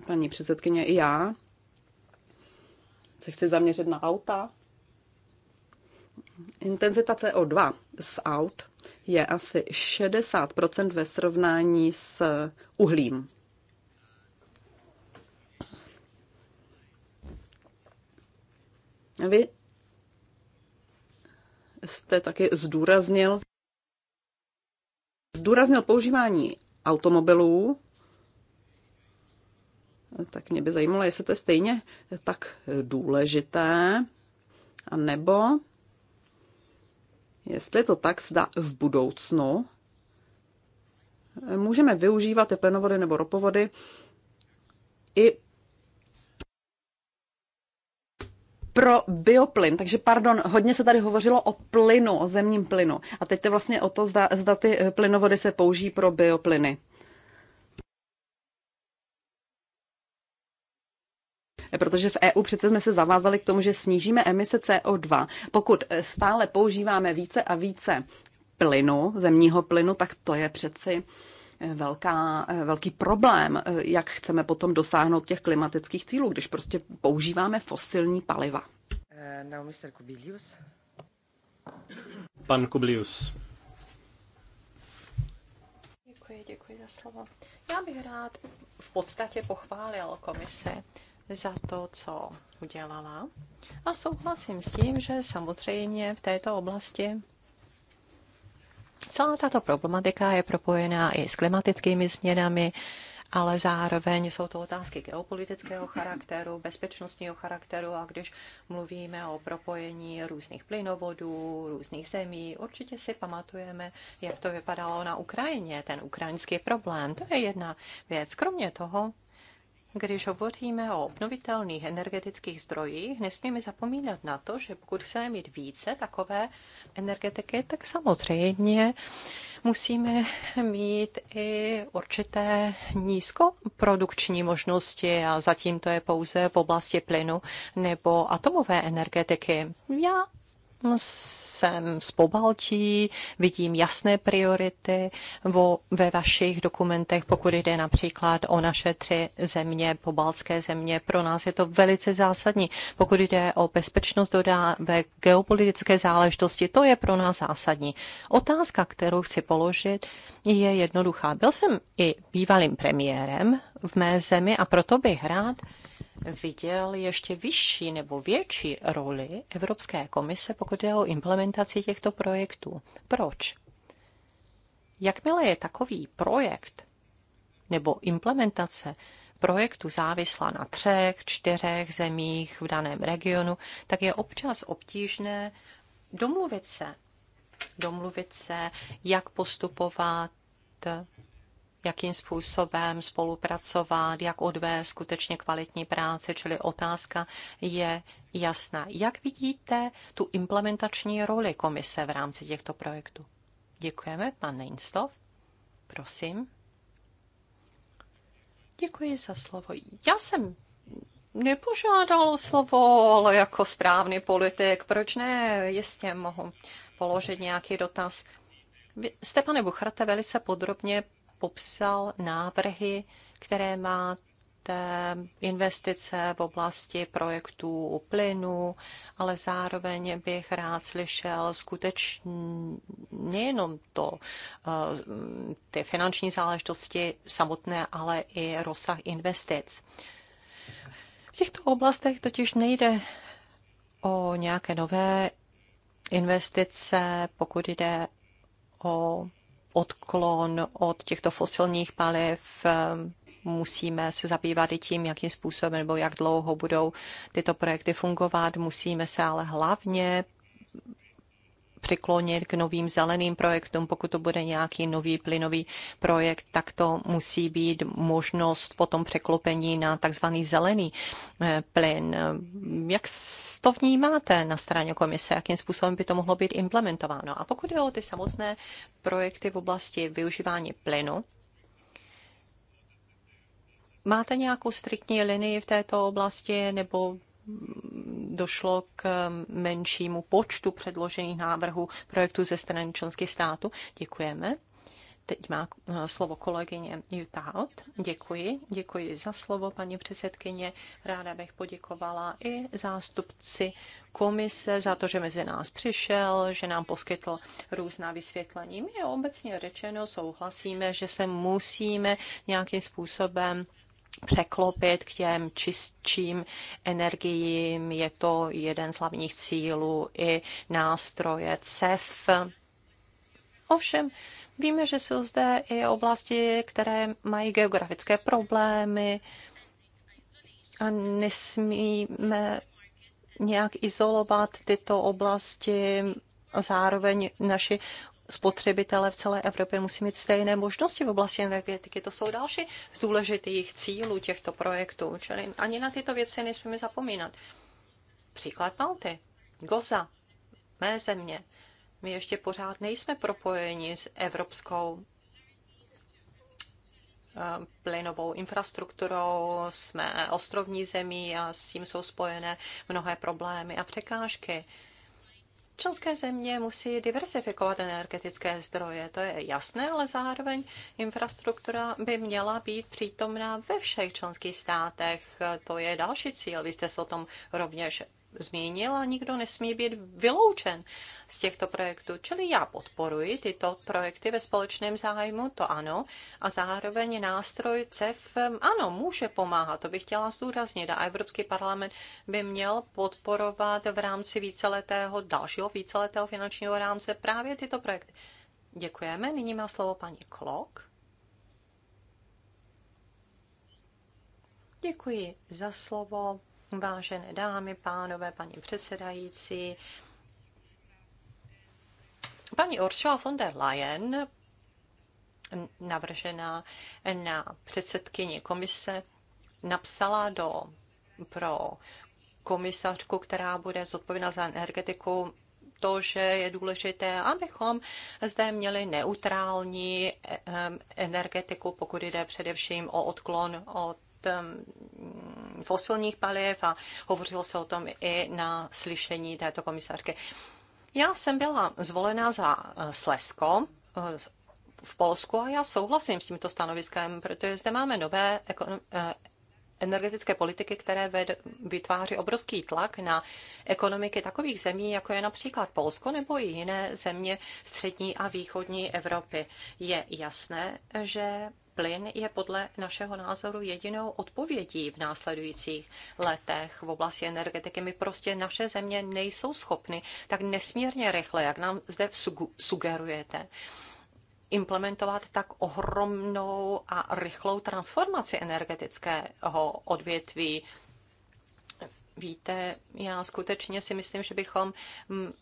Paní předsedkyně, i já se chci zaměřit na auta. Intenzita CO2 z aut je asi 60% ve srovnání s uhlím. Vy jste taky zdůraznil, zdůraznil používání automobilů, tak mě by zajímalo, jestli to je stejně tak důležité, a nebo jestli to tak zda v budoucnu, můžeme využívat teplinovody nebo ropovody i pro bioplyn. Takže pardon, hodně se tady hovořilo o plynu, o zemním plynu. A teď to vlastně o to, zda, zda ty eh, plynovody se použijí pro bioplyny. Eh, protože v EU přece jsme se zavázali k tomu, že snížíme emise CO2. Pokud eh, stále používáme více a více plynu, zemního plynu, tak to je přeci velká, velký problém, jak chceme potom dosáhnout těch klimatických cílů, když prostě používáme fosilní paliva. No, Mr. Kubilius. Pan Kublius. Děkuji, děkuji za slovo. Já bych rád v podstatě pochválil komise za to, co udělala. A souhlasím s tím, že samozřejmě v této oblasti Celá tato problematika je propojená i s klimatickými změnami, ale zároveň jsou to otázky geopolitického charakteru, bezpečnostního charakteru a když mluvíme o propojení různých plynovodů, různých zemí, určitě si pamatujeme, jak to vypadalo na Ukrajině, ten ukrajinský problém. To je jedna věc. Kromě toho když hovoříme o obnovitelných energetických zdrojích, nesmíme zapomínat na to, že pokud chceme mít více takové energetiky, tak samozřejmě musíme mít i určité nízkoprodukční možnosti a zatím to je pouze v oblasti plynu nebo atomové energetiky. Já jsem z Pobaltí, vidím jasné priority vo, ve vašich dokumentech, pokud jde například o naše tři země, pobaltské země. Pro nás je to velice zásadní. Pokud jde o bezpečnost ve geopolitické záležitosti, to je pro nás zásadní. Otázka, kterou chci položit, je jednoduchá. Byl jsem i bývalým premiérem v mé zemi a proto bych rád viděl ještě vyšší nebo větší roli Evropské komise, pokud jde o implementaci těchto projektů. Proč? Jakmile je takový projekt nebo implementace projektu závislá na třech, čtyřech zemích v daném regionu, tak je občas obtížné domluvit se. Domluvit se, jak postupovat, jakým způsobem spolupracovat, jak odvést skutečně kvalitní práci, čili otázka je jasná. Jak vidíte tu implementační roli komise v rámci těchto projektů? Děkujeme, pan Neinstov. Prosím. Děkuji za slovo. Já jsem nepožádal slovo, ale jako správný politik, proč ne? Jistě mohu položit nějaký dotaz. Vy, Stepane Bucharte velice podrobně popsal návrhy, které má investice v oblasti projektů u plynu, ale zároveň bych rád slyšel skutečně nejenom to, eh, ty finanční záležitosti samotné, ale i rozsah investic. V těchto oblastech totiž nejde o nějaké nové investice, pokud jde o odklon od těchto fosilních paliv, ehm, musíme se zabývat i tím, jakým způsobem nebo jak dlouho budou tyto projekty fungovat. Musíme se ale hlavně přiklonit k novým zeleným projektům. Pokud to bude nějaký nový plynový projekt, tak to musí být možnost potom překlopení na takzvaný zelený eh, plyn. Jak to vnímáte na straně komise? Jakým způsobem by to mohlo být implementováno? A pokud jde o ty samotné projekty v oblasti využívání plynu, Máte nějakou striktní linii v této oblasti, nebo došlo k menšímu počtu předložených návrhů projektů ze strany členských států. Děkujeme. Teď má eh, slovo kolegyně Jutaut. Děkuji. Děkuji za slovo, paní předsedkyně. Ráda bych poděkovala i zástupci komise za to, že mezi nás přišel, že nám poskytl různá vysvětlení. My obecně řečeno souhlasíme, že se musíme nějakým způsobem překlopit k těm čistším energiím. Je to jeden z hlavních cílů i nástroje CEF. Ovšem, víme, že jsou zde i oblasti, které mají geografické problémy a nesmíme nějak izolovat tyto oblasti. Zároveň naši spotřebitelé v celé Evropě musí mít stejné možnosti v oblasti energetiky. To jsou další z důležitých cílů těchto projektů, čili ani na tyto věci nesmíme zapomínat. Příklad Malty, Goza, mé země. My ještě pořád nejsme propojeni s evropskou eh, plynovou infrastrukturou, jsme ostrovní zemí a s tím jsou spojené mnohé problémy a překážky. Členské země musí diversifikovat energetické zdroje, to je jasné, ale zároveň infrastruktura by měla být přítomná ve všech členských státech. To je další cíl. Vy jste se o tom rovněž zmínil a nikdo nesmí být vyloučen z těchto projektů. Čili já podporuji tyto projekty ve společném zájmu, to ano, a zároveň nástroj CEF, ano, může pomáhat, to bych chtěla zdůraznit a Evropský parlament by měl podporovat v rámci víceletého, dalšího víceletého finančního rámce právě tyto projekty. Děkujeme, nyní má slovo paní Klok. Děkuji za slovo, Vážené dámy, pánové, paní předsedající, paní Ursula von der Leyen, navržená na předsedkyni komise, napsala do pro komisařku, která bude zodpovědná za energetiku, to, že je důležité, abychom zde měli neutrální eh, eh, energetiku, pokud jde především o odklon od Um, fosilních paliv a hovořilo se o tom i na slyšení této komisařky. Já jsem byla zvolena za uh, Slesko uh, v Polsku a já souhlasím s tímto stanoviskem, protože zde máme nové uh, energetické politiky, které vytváří obrovský tlak na ekonomiky takových zemí, jako je například Polsko nebo i jiné země střední a východní Evropy. Je jasné, že plyn je podle našeho názoru jedinou odpovědí v následujících letech v oblasti energetiky. My prostě naše země nejsou schopny tak nesmírně rychle, jak nám zde sugerujete, implementovat tak ohromnou a rychlou transformaci energetického odvětví. Víte, já skutečně si myslím, že bychom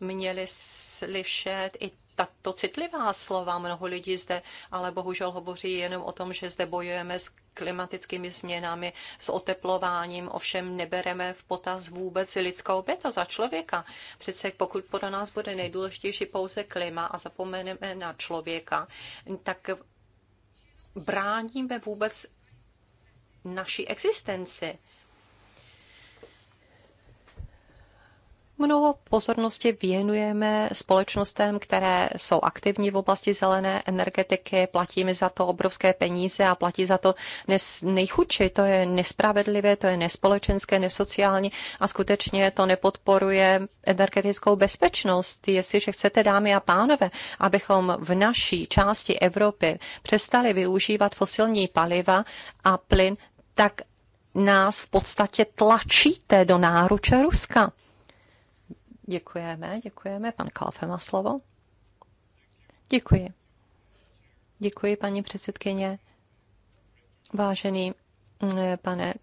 měli slyšet i tato citlivá slova. Mnoho lidí zde ale bohužel hovoří jenom o tom, že zde bojujeme s klimatickými změnami, s oteplováním, ovšem nebereme v potaz vůbec lidskou bytost za člověka. Přece pokud pro nás bude nejdůležitější pouze klima a zapomeneme na člověka, tak bráníme vůbec naší existenci. Mnoho pozornosti věnujeme společnostem, které jsou aktivní v oblasti zelené energetiky, platíme za to obrovské peníze a platí za to nejchudší. To je nespravedlivé, to je nespolečenské, nesociální a skutečně to nepodporuje energetickou bezpečnost. Jestliže chcete, dámy a pánové, abychom v naší části Evropy přestali využívat fosilní paliva a plyn, tak nás v podstatě tlačíte do náruče Ruska. Děkujeme, děkujeme. Pan Kalfe má slovo. Děkuji. Děkuji, paní předsedkyně. Vážený mm, pane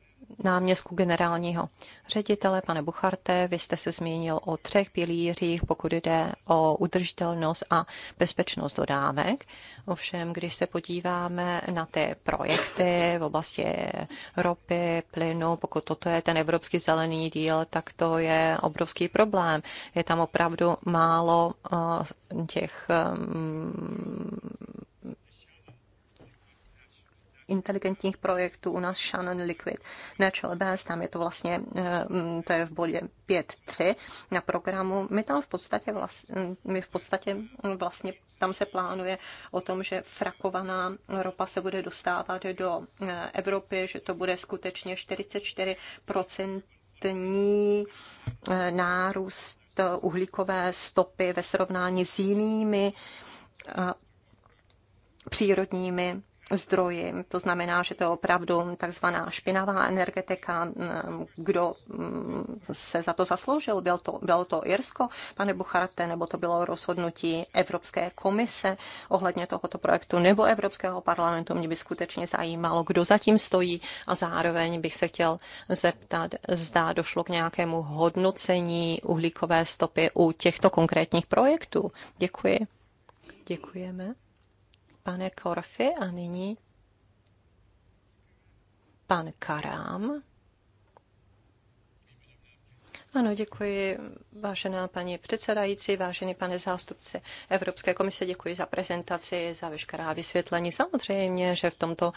náměstku generálního ředitele, pane Bucharte, vy jste se zmínil o třech pilířích, pokud jde o udržitelnost a bezpečnost dodávek. Ovšem, když se podíváme na ty projekty v oblasti ropy, plynu, pokud toto je ten evropský zelený díl, tak to je obrovský problém. Je tam opravdu málo eh, těch eh, inteligentních projektů u nás Shannon Liquid Natural Best, tam je to vlastně, eh, mm, to je v bodě 5.3 na programu. My tam v podstatě, vlastně, my v podstatě mm, vlastně tam se plánuje o tom, že frakovaná ropa se bude dostávat do eh, Evropy, že to bude skutečně 44 procentní eh, nárůst uhlíkové stopy ve srovnání s jinými přírodními zdroji. To znamená, že to je opravdu takzvaná špinavá energetika. Mm, kdo mm, se za to zasloužil? Byl to, bylo to Irsko, pane Bucharte, nebo to bylo rozhodnutí Evropské komise ohledně tohoto projektu nebo Evropského parlamentu? Mě by skutečně zajímalo, kdo zatím stojí a zároveň bych se chtěl zeptat, zda došlo k nějakému hodnocení uhlíkové stopy u těchto konkrétních projektů. Děkuji. Děkujeme pane Korfy, a nyní pan Karám. Ano, děkuji, vážená paní předsedající, vážený pane zástupce Evropské komise, děkuji za prezentaci, za veškerá vysvětlení. Samozřejmě, že v tomto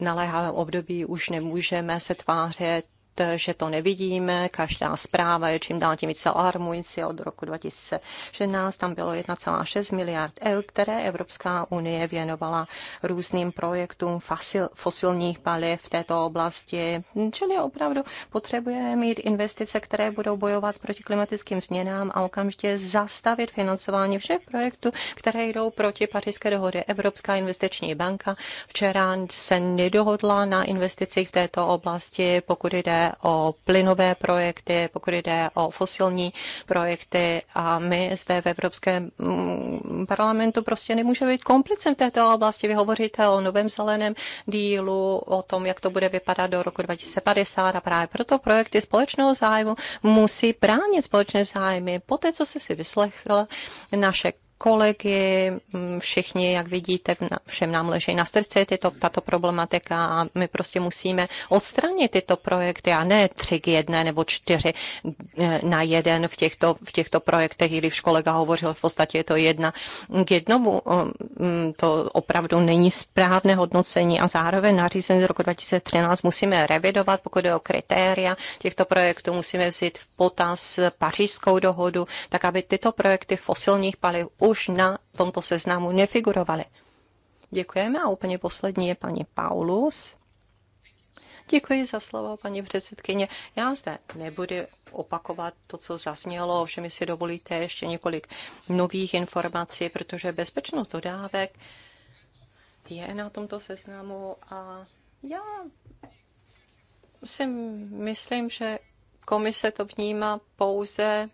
naléhavém období už nemůžeme se tvářet, že to nevidíme. Každá zpráva je čím dál tím více alarmující. Od roku 2016 tam bylo 1,6 miliard eur, které Evropská unie věnovala různým projektům fosil, fosilních paliv v této oblasti. Čili opravdu potřebujeme mít investice, které budou bojovat proti klimatickým změnám a okamžitě zastavit financování všech projektů, které jdou proti pařížské dohody. Evropská investiční banka včera se nedohodla na investicích v této oblasti, pokud jde o plynové projekty, pokud jde o fosilní projekty a my zde v Evropském mm, parlamentu prostě nemůžeme být komplicem v této oblasti. Vy hovoříte o novém zeleném dílu, o tom, jak to bude vypadat do roku 2050 a právě proto projekty společného zájmu musí bránit společné zájmy. Poté, co jsi si vyslechl naše kolegy. Mm, všichni, jak vidíte, všem nám leží na srdci tyto, tato problematika a my prostě musíme odstranit tyto projekty a ne tři k jedné nebo čtyři eh, na jeden v těchto, v těchto projektech, i když kolega hovořil, v podstatě je to jedna k jednomu. Eh, mm, to opravdu není správné hodnocení a zároveň nařízení z roku 2013 musíme revidovat, pokud je o kritéria těchto projektů, musíme vzít v potaz pařížskou dohodu, tak aby tyto projekty fosilních paliv už na tomto seznamu nefigurovali. Děkujeme a úplně poslední je paní Paulus. Děkuji za slovo, paní předsedkyně. Já zde nebudu opakovat to, co zaznělo, že mi si dovolíte ještě několik nových informací, protože bezpečnost dodávek je na tomto seznamu a já si myslím, že komise to vnímá pouze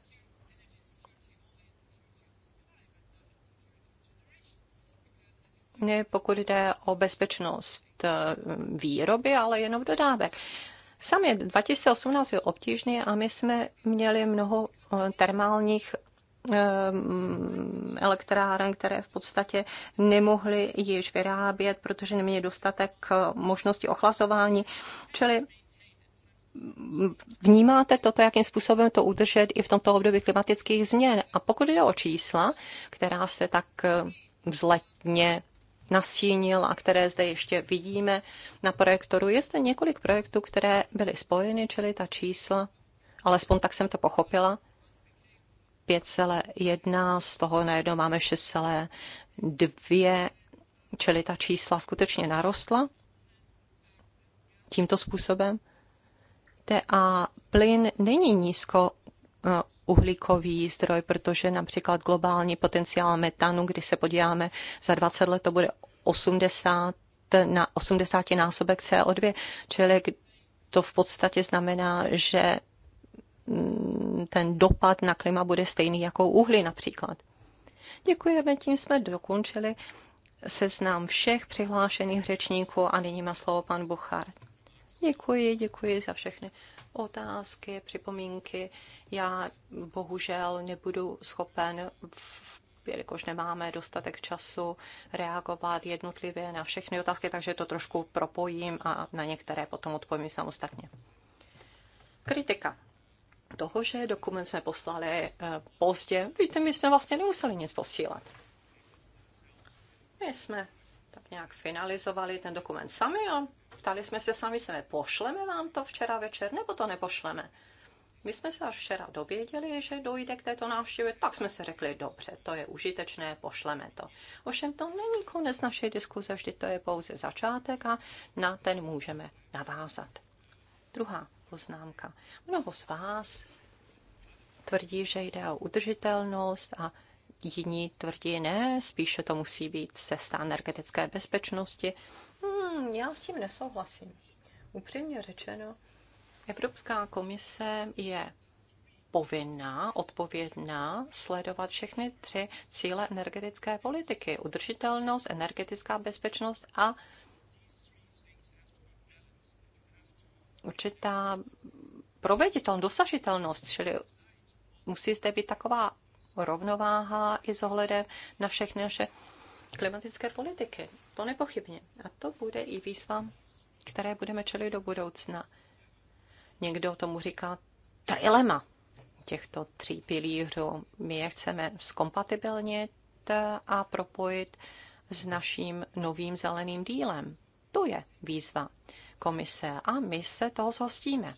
ne pokud jde o bezpečnost eh, výroby, ale jenom dodávek. Sami 2018 byl obtížný a my jsme měli mnoho eh, termálních eh, mm, elektráren, které v podstatě nemohly již vyrábět, protože neměly dostatek možnosti ochlazování. Čili mm, vnímáte toto, jakým způsobem to udržet i v tomto období klimatických změn? A pokud jde o čísla, která se tak vzletně nastínil a které zde ještě vidíme na projektoru. Je zde několik projektů, které byly spojeny, čili ta čísla, alespoň tak jsem to pochopila, 5,1, z toho najednou máme 6,2, čili ta čísla skutečně narostla tímto způsobem. A plyn není nízko uhlíkový zdroj, protože například globální potenciál metanu, když se podíváme za 20 let, to bude 80 na 80 násobek CO2, čili to v podstatě znamená, že mm, ten dopad na klima bude stejný jako uhlí například. Děkujeme, tím jsme dokončili seznam všech přihlášených řečníků a nyní má slovo pan Buchard. Děkuji, děkuji za všechny otázky, připomínky. Já bohužel nebudu schopen, jelikož nemáme dostatek času, reagovat jednotlivě na všechny otázky, takže to trošku propojím a na některé potom odpovím samostatně. Kritika toho, že dokument jsme poslali eh, pozdě. Víte, my jsme vlastně nemuseli nic posílat. My jsme tak nějak finalizovali ten dokument sami a ptali jsme se sami sebe, pošleme vám to včera večer, nebo to nepošleme? My jsme se až včera dověděli, že dojde k této návštěvě, tak jsme se řekli, dobře, to je užitečné, pošleme to. Ovšem to není konec naší diskuze, vždy to je pouze začátek a na ten můžeme navázat. Druhá poznámka. Mnoho z vás tvrdí, že jde o udržitelnost a jiní tvrdí ne, spíše to musí být cesta energetické bezpečnosti. Hmm, já s tím nesouhlasím. Upřímně řečeno, Evropská komise je povinná, odpovědná sledovat všechny tři cíle energetické politiky. Udržitelnost, energetická bezpečnost a určitá proveditelnost, dosažitelnost, čili musí zde být taková rovnováha i s ohledem na všechny naše klimatické politiky. To nepochybně. A to bude i výzvám, které budeme čelit do budoucna. Někdo tomu říká trilema těchto tří pilířů. My je chceme zkompatibilnit a propojit s naším novým zeleným dílem. To je výzva komise a my se toho zhostíme.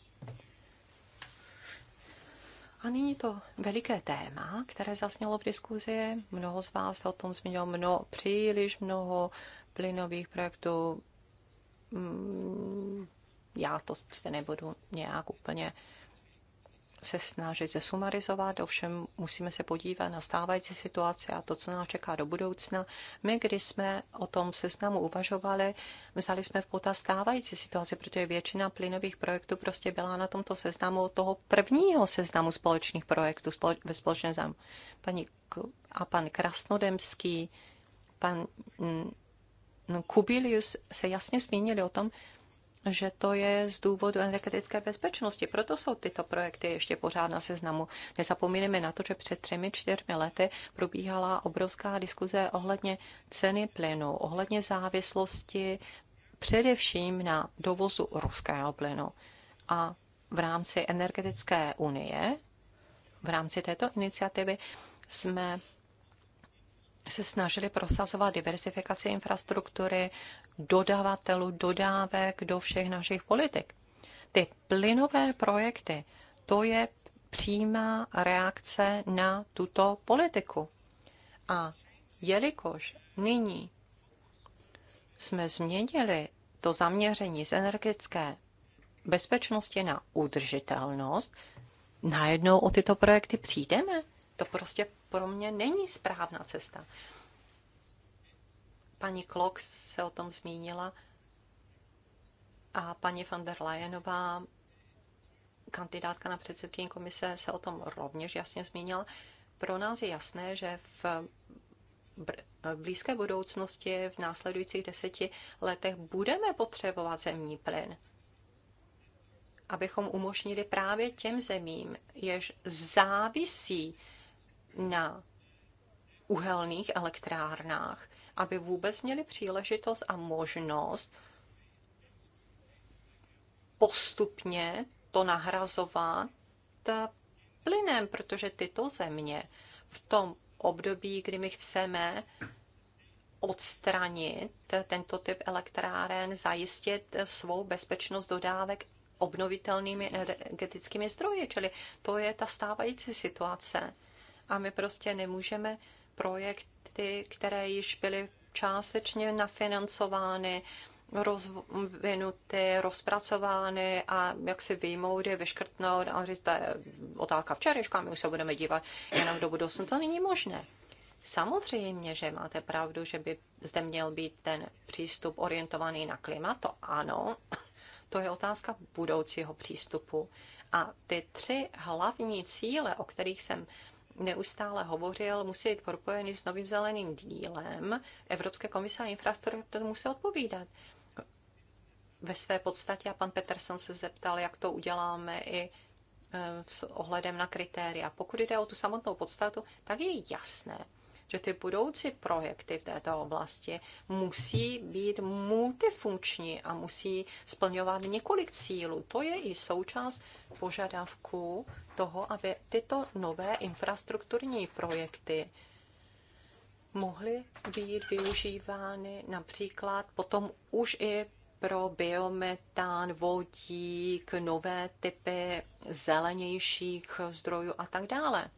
A nyní to veliké téma, které zasnělo v diskuzi. Mnoho z vás se o tom zmínilo, mnoho, příliš mnoho plynových projektů. Mm, já to nebudu nějak úplně se snažit zesumarizovat, ovšem musíme se podívat na stávající situaci a to, co nás čeká do budoucna. My, když jsme o tom seznamu uvažovali, vzali jsme v potaz stávající situaci, protože většina plynových projektů prostě byla na tomto seznamu toho prvního seznamu společných projektů společ, ve společném zámu. Paní a pan Krasnodemský, pan mm, no, Kubilius se jasně zmínili o tom, že to je z důvodu energetické bezpečnosti. Proto jsou tyto projekty ještě pořád na seznamu. Nezapomínáme na to, že před třemi, čtyřmi lety probíhala obrovská diskuze ohledně ceny plynu, ohledně závislosti především na dovozu ruského plynu. A v rámci energetické unie, v rámci této iniciativy, jsme se snažili prosazovat diversifikaci infrastruktury, dodavatelů, dodávek do všech našich politik. Ty plynové projekty, to je přímá reakce na tuto politiku. A jelikož nyní jsme změnili to zaměření z energetické bezpečnosti na udržitelnost, najednou o tyto projekty přijdeme. To prostě pro mě není správná cesta. Paní Klox se o tom zmínila a paní van der Leyenová, kandidátka na předsedkyni komise, se o tom rovněž jasně zmínila. Pro nás je jasné, že v v blízké budoucnosti, v následujících deseti letech, budeme potřebovat zemní plyn, abychom umožnili právě těm zemím, jež závisí na uhelných elektrárnách, aby vůbec měli příležitost a možnost postupně to nahrazovat plynem, protože tyto země v tom období, kdy my chceme odstranit tento typ elektráren, zajistit svou bezpečnost dodávek obnovitelnými energetickými zdroji. Čili to je ta stávající situace. A my prostě nemůžeme projekty, které již byly částečně nafinancovány, rozvinuty, rozpracovány a jak si vyjmout je, vyškrtnout a říct, to je otázka včerejška, my už se budeme dívat jenom do budoucna. To není možné. Samozřejmě, že máte pravdu, že by zde měl být ten přístup orientovaný na klima, to ano, to je otázka budoucího přístupu. A ty tři hlavní cíle, o kterých jsem neustále hovořil, musí být propojený s novým zeleným dílem. Evropské komise a infrastruktura to musí odpovídat ve své podstatě. A pan Peterson se zeptal, jak to uděláme i e, s ohledem na kritéria. Pokud jde o tu samotnou podstatu, tak je jasné, že ty budoucí projekty v této oblasti musí být multifunkční a musí splňovat několik cílů. To je i součást požadavků toho, aby tyto nové infrastrukturní projekty mohly být využívány například potom už i pro biometán, vodík, nové typy zelenějších zdrojů a tak dále.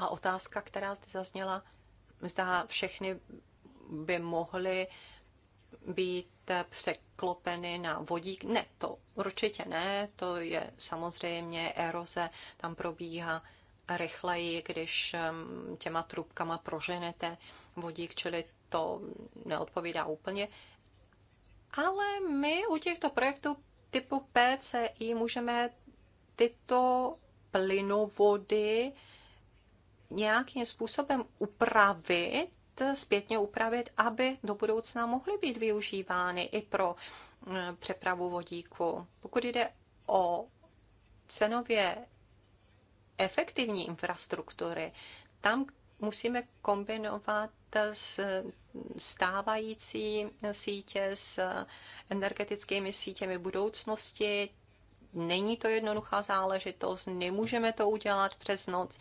A otázka, která zde zazněla, zda všechny by mohly být překlopeny na vodík. Ne, to určitě ne, to je samozřejmě eroze, tam probíhá rychleji, když těma trubkama proženete vodík, čili to neodpovídá úplně. Ale my u těchto projektů typu PCI můžeme tyto plynovody nějakým způsobem upravit, zpětně upravit, aby do budoucna mohly být využívány i pro eh, přepravu vodíku. Pokud jde o cenově efektivní infrastruktury, tam musíme kombinovat s stávající sítě, s energetickými sítěmi budoucnosti. Není to jednoduchá záležitost, nemůžeme to udělat přes noc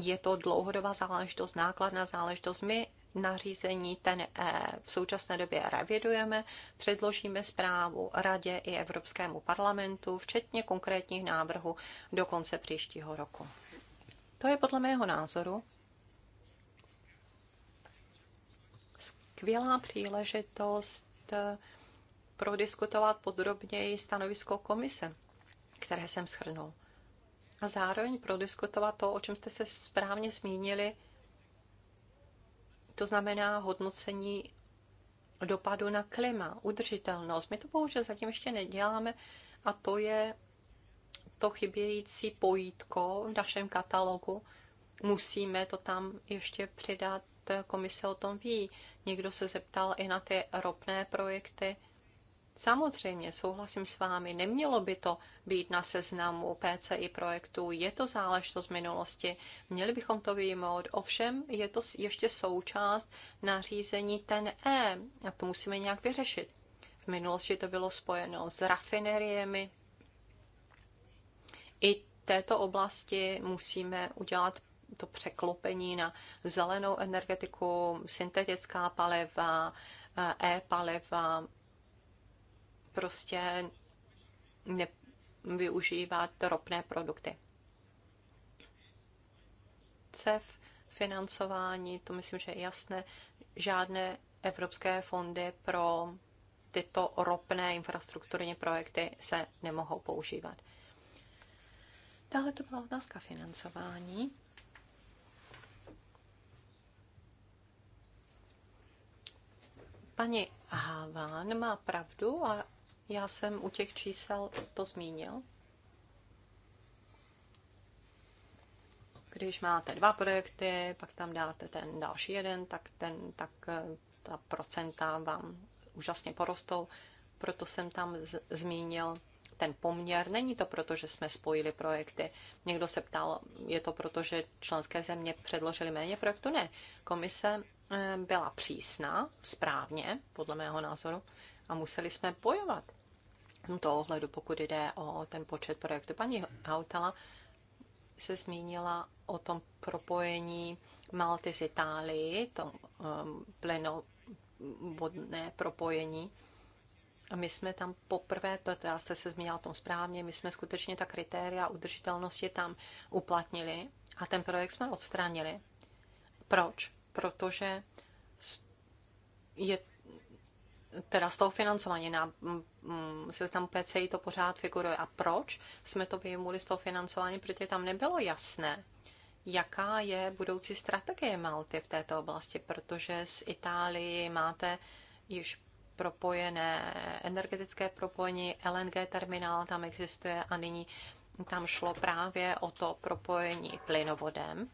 je to dlouhodobá záležitost, nákladná záležitost. My nařízení ten eh, v současné době revidujeme, předložíme zprávu Radě i Evropskému parlamentu, včetně konkrétních návrhů do konce příštího roku. To je podle mého názoru skvělá příležitost eh, prodiskutovat podrobněji stanovisko komise, které jsem shrnul a zároveň prodiskutovat to, o čem jste se správně zmínili, to znamená hodnocení dopadu na klima, udržitelnost. My to bohužel zatím ještě neděláme a to je to chybějící pojítko v našem katalogu. Musíme to tam ještě přidat, komise o tom ví. Někdo se zeptal i na ty ropné projekty. Samozřejmě, souhlasím s vámi, nemělo by to být na seznamu PCI projektů, je to záležitost minulosti, měli bychom to vyjmout, ovšem je to ještě součást nařízení ten E a to musíme nějak vyřešit. V minulosti to bylo spojeno s rafineriemi. I této oblasti musíme udělat to překlopení na zelenou energetiku, syntetická paliva, e-paliva, prostě nevyužívat ropné produkty. CEF financování, to myslím, že je jasné, žádné evropské fondy pro tyto ropné infrastrukturní projekty se nemohou používat. Dále to byla otázka financování. Pani Havan má pravdu a já jsem u těch čísel to zmínil. Když máte dva projekty, pak tam dáte ten další jeden, tak, ten, tak eh, ta procenta vám úžasně porostou. Proto jsem tam z- zmínil ten poměr. Není to proto, že jsme spojili projekty. Někdo se ptal, je to proto, že členské země předložily méně projektů? Ne. Komise eh, byla přísná, správně, podle mého názoru, a museli jsme bojovat v tomto ohledu, pokud jde o ten počet projektů. Paní Hautala se zmínila o tom propojení Malty s Itálií, tom um, plynovodné propojení. A my jsme tam poprvé, to já jste se zmínila o tom správně, my jsme skutečně ta kritéria udržitelnosti tam uplatnili a ten projekt jsme odstranili. Proč? Protože je teda z toho financování na mm, mm, tam PCI to pořád figuruje. A proč jsme to vyjmuli z toho financování? Protože tam nebylo jasné, jaká je budoucí strategie Malty v této oblasti, protože s Itálií máte již propojené energetické propojení, LNG terminál tam existuje a nyní tam šlo právě o to propojení plynovodem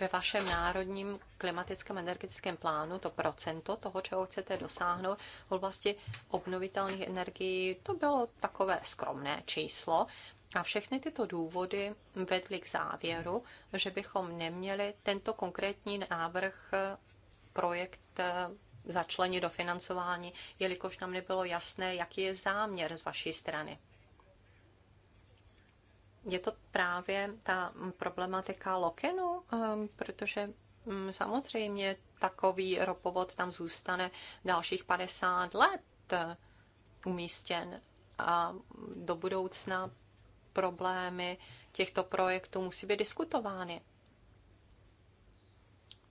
ve vašem národním klimatickém energetickém plánu to procento toho, čeho chcete dosáhnout v oblasti obnovitelných energií, to bylo takové skromné číslo. A všechny tyto důvody vedly k závěru, že bychom neměli tento konkrétní návrh projekt eh, začlenit do financování, jelikož nám nebylo jasné, jaký je záměr z vaší strany je to právě ta problematika lokenu, ehm, protože mm, samozřejmě takový ropovod tam zůstane dalších 50 let eh, umístěn a do budoucna problémy těchto projektů musí být diskutovány.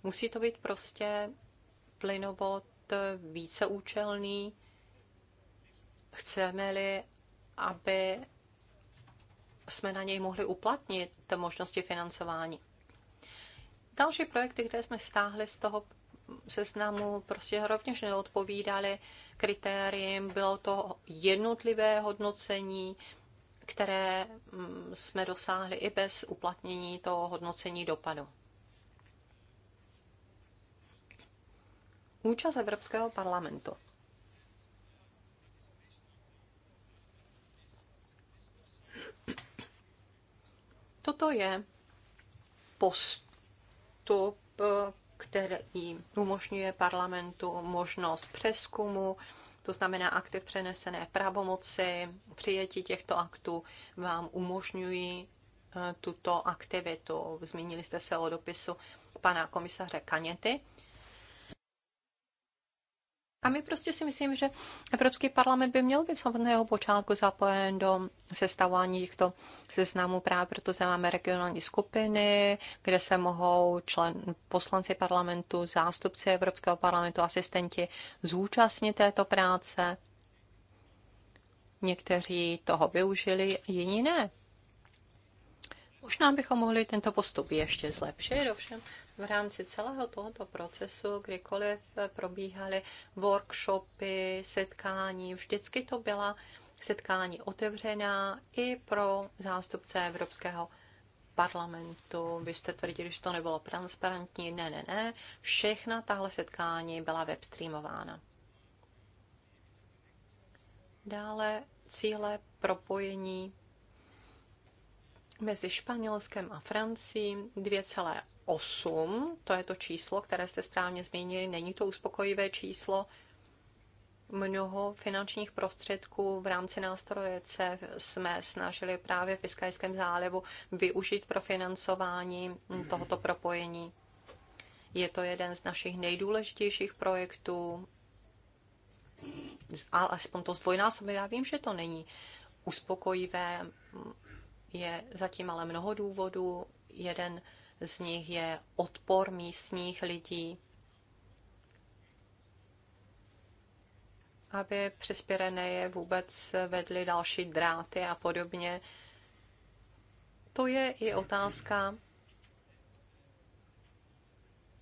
Musí to být prostě plynovod eh, víceúčelný, chceme-li, aby jsme na něj mohli uplatnit možnosti financování. Další projekty, které jsme stáhli z toho seznamu, prostě rovněž neodpovídaly kritériím. Bylo to jednotlivé hodnocení, které mm, jsme dosáhli i bez uplatnění toho hodnocení dopadu. Účast Evropského parlamentu. Toto je postup, který umožňuje parlamentu možnost přeskumu, to znamená aktiv přenesené pravomoci, přijetí těchto aktů vám umožňují eh, tuto aktivitu. Zmínili jste se o dopisu pana komisaře Kaněty, a my prostě si myslím, že Evropský parlament by měl být samotného počátku zapojen do sestavování těchto seznamů. Právě proto se máme regionální skupiny, kde se mohou člen, poslanci parlamentu, zástupci Evropského parlamentu, asistenti zúčastnit této práce. Někteří toho využili, jiní ne. Možná bychom mohli tento postup ještě zlepšit, ovšem v rámci celého tohoto procesu, kdykoliv probíhaly workshopy, setkání, vždycky to byla setkání otevřená i pro zástupce Evropského parlamentu. Vy jste tvrdili, že to nebylo transparentní. Ne, ne, ne. Všechna tahle setkání byla webstreamována. Dále cíle propojení mezi Španělskem a Francií 8, to je to číslo, které jste správně zmínili, není to uspokojivé číslo. Mnoho finančních prostředků v rámci nástroje C jsme snažili právě v Piskajském zálivu využít pro financování tohoto propojení. Je to jeden z našich nejdůležitějších projektů, ale aspoň to zdvojnásobně. Já vím, že to není uspokojivé, je zatím ale mnoho důvodů. Jeden z nich je odpor místních lidí, aby přispěrené je vůbec vedly další dráty a podobně. To je i otázka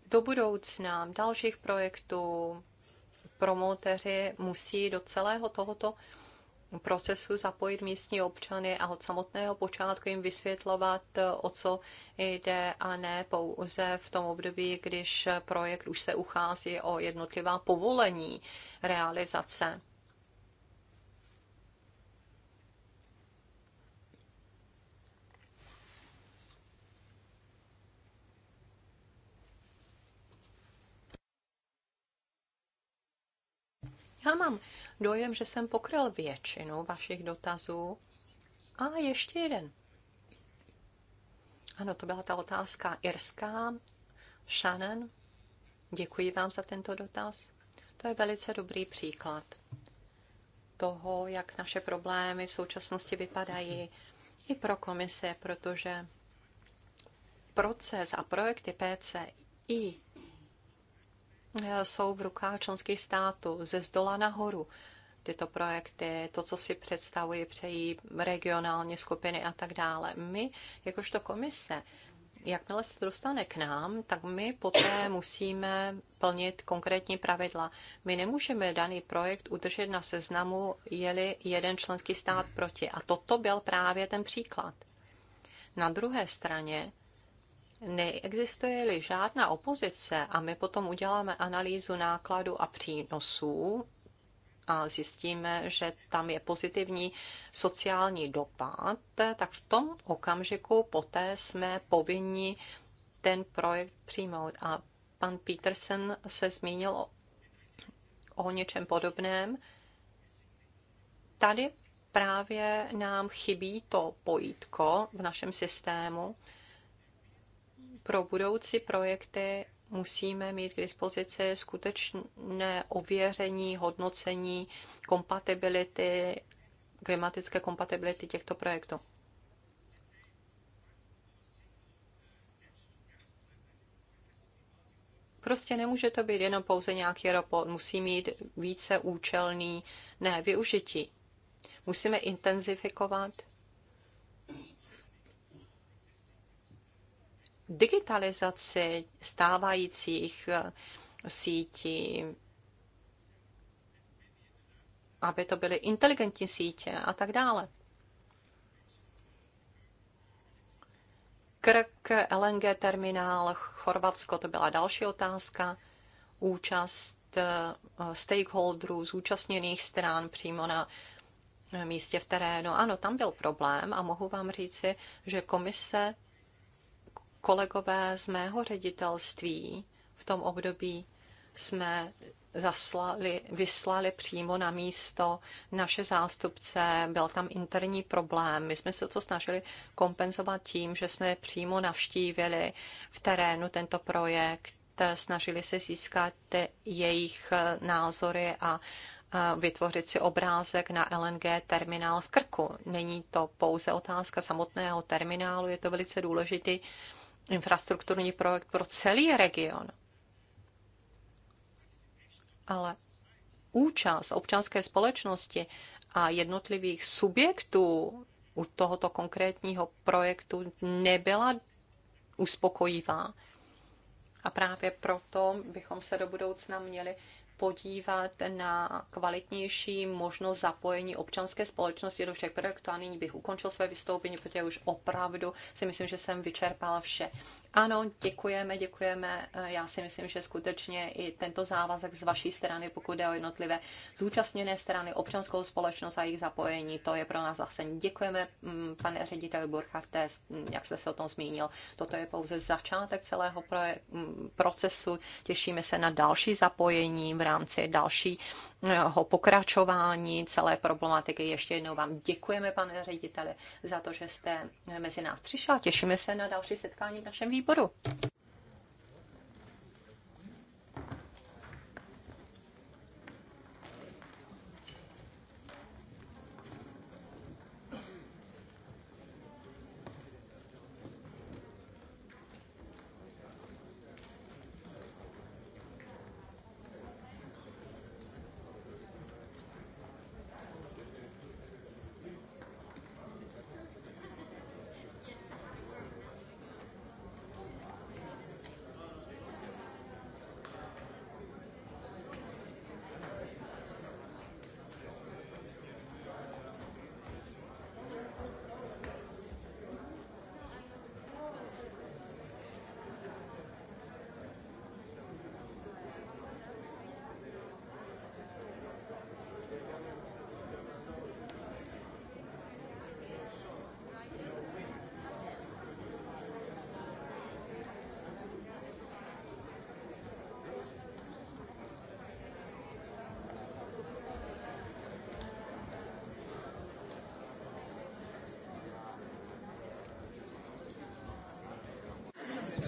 do budoucna dalších projektů. Promoteři musí do celého tohoto procesu zapojit místní občany a od samotného počátku jim vysvětlovat, eh, o co jde a ne pouze v tom období, když projekt už se uchází o jednotlivá povolení realizace. Já mám dojem, že jsem pokryl většinu vašich dotazů. A ještě jeden. Ano, to byla ta otázka irská. Shannon, děkuji vám za tento dotaz. To je velice dobrý příklad toho, jak naše problémy v současnosti vypadají i pro komise, protože proces a projekty PCI Eh, jsou v rukách členských států ze zdola nahoru tyto projekty, to, co si představují, přejí regionální skupiny a tak dále. My, jakožto komise, jakmile se to dostane k nám, tak my poté musíme plnit konkrétní pravidla. My nemůžeme daný projekt udržet na seznamu, je-li jeden členský stát proti. A toto byl právě ten příklad. Na druhé straně neexistuje-li žádná opozice a my potom uděláme analýzu nákladu a přínosů a zjistíme, že tam je pozitivní sociální dopad, tak v tom okamžiku poté jsme povinni ten projekt přijmout. A pan Peterson se zmínil o, o něčem podobném. Tady právě nám chybí to pojítko v našem systému, pro budoucí projekty musíme mít k dispozici skutečné ověření, hodnocení kompatibility, klimatické kompatibility těchto projektů. Prostě nemůže to být jenom pouze nějaký robot, musí mít více účelný ne využití. Musíme intenzifikovat digitalizaci stávajících eh, sítí, aby to byly inteligentní sítě a tak dále. Krk, LNG terminál, Chorvatsko, to byla další otázka. Účast eh, stakeholderů, zúčastněných stran přímo na eh, místě v terénu. Ano, tam byl problém a mohu vám říci, že komise kolegové z mého ředitelství v tom období jsme zaslali, vyslali přímo na místo naše zástupce, byl tam interní problém. My jsme se to snažili kompenzovat tím, že jsme přímo navštívili v terénu tento projekt, snažili se získat jejich názory a vytvořit si obrázek na LNG terminál v Krku. Není to pouze otázka samotného terminálu, je to velice důležitý infrastrukturní projekt pro celý region. Ale účast občanské společnosti a jednotlivých subjektů u tohoto konkrétního projektu nebyla uspokojivá. A právě proto bychom se do budoucna měli podívat na kvalitnější možnost zapojení občanské společnosti do všech projektů. A nyní bych ukončil své vystoupení, protože už opravdu si myslím, že jsem vyčerpala vše ano, děkujeme, děkujeme. Eh, Já si myslím, že skutečně i tento závazek z vaší strany, pokud jde o jednotlivé zúčastněné strany, občanskou společnost a jejich zapojení, to je pro nás zase. Děkujeme, mm, pane ředitel Burcharte, jak jste se o tom zmínil. Toto je pouze začátek celého mm, procesu. Těšíme se na další zapojení v rámci další jeho pokračování celé problematiky. Ještě jednou vám děkujeme, pane řediteli, za to, že jste mezi nás přišel. Těšíme se na další setkání v našem výboru.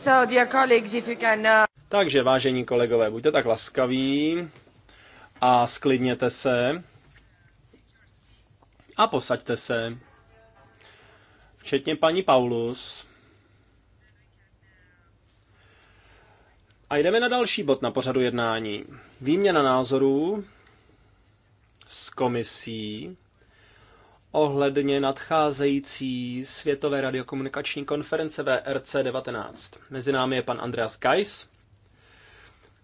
Uh, Takže, vážení kolegové, buďte tak laskaví a sklidněte se a posaďte se, včetně paní Paulus. A jdeme na další bod na pořadu jednání. Výměna názorů s komisí ohledně nadcházející Světové radiokomunikační konference VRC 19. Mezi námi je pan Andreas Geis,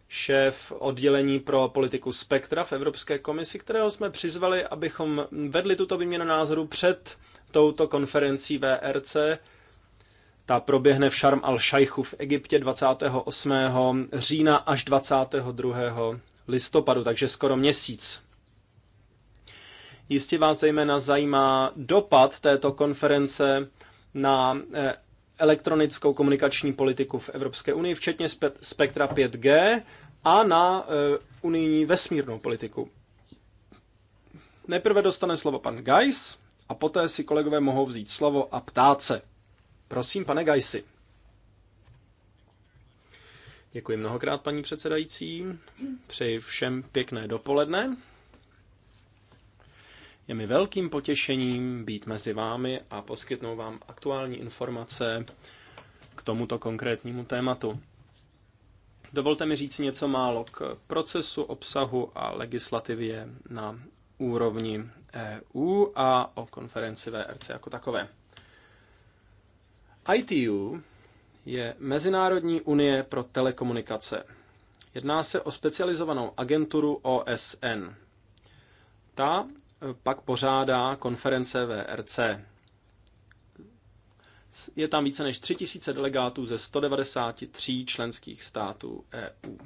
šéf oddělení pro politiku Spektra v Evropské komisi, kterého jsme přizvali, abychom vedli tuto výměnu názoru před touto konferencí VRC. Ta proběhne v Sharm al-Šajchu v Egyptě 28. října až 22. listopadu, takže skoro měsíc. Jistě vás zejména zajímá dopad této konference na eh, elektronickou komunikační politiku v Evropské unii, včetně spektra 5G a na eh, unijní vesmírnou politiku. Nejprve dostane slovo pan Geis a poté si kolegové mohou vzít slovo a ptát se. Prosím, pane Geisi. Děkuji mnohokrát, paní předsedající. Přeji všem pěkné dopoledne. Je mi velkým potěšením být mezi vámi a poskytnout vám aktuální informace k tomuto konkrétnímu tématu. Dovolte mi říct něco málo k procesu, obsahu a legislativě na úrovni EU a o konferenci VRC jako takové. ITU je Mezinárodní unie pro telekomunikace. Jedná se o specializovanou agenturu OSN. Ta pak pořádá konference VRC. Je tam více než 3000 delegátů ze 193 členských států EU.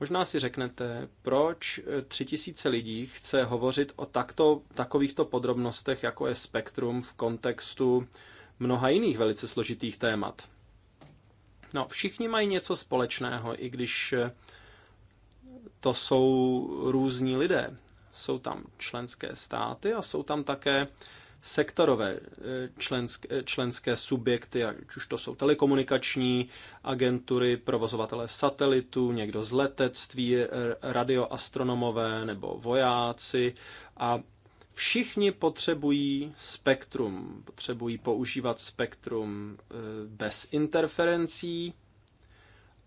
Možná si řeknete, proč 3000 lidí chce hovořit o takto, takovýchto podrobnostech, jako je spektrum v kontextu mnoha jiných velice složitých témat. No, všichni mají něco společného, i když to jsou různí lidé jsou tam členské státy a jsou tam také sektorové eh, členské, eh, členské subjekty, ať už to jsou telekomunikační agentury, provozovatele satelitů, někdo z letectví, eh, radioastronomové nebo vojáci a Všichni potřebují spektrum, potřebují používat spektrum bez interferencí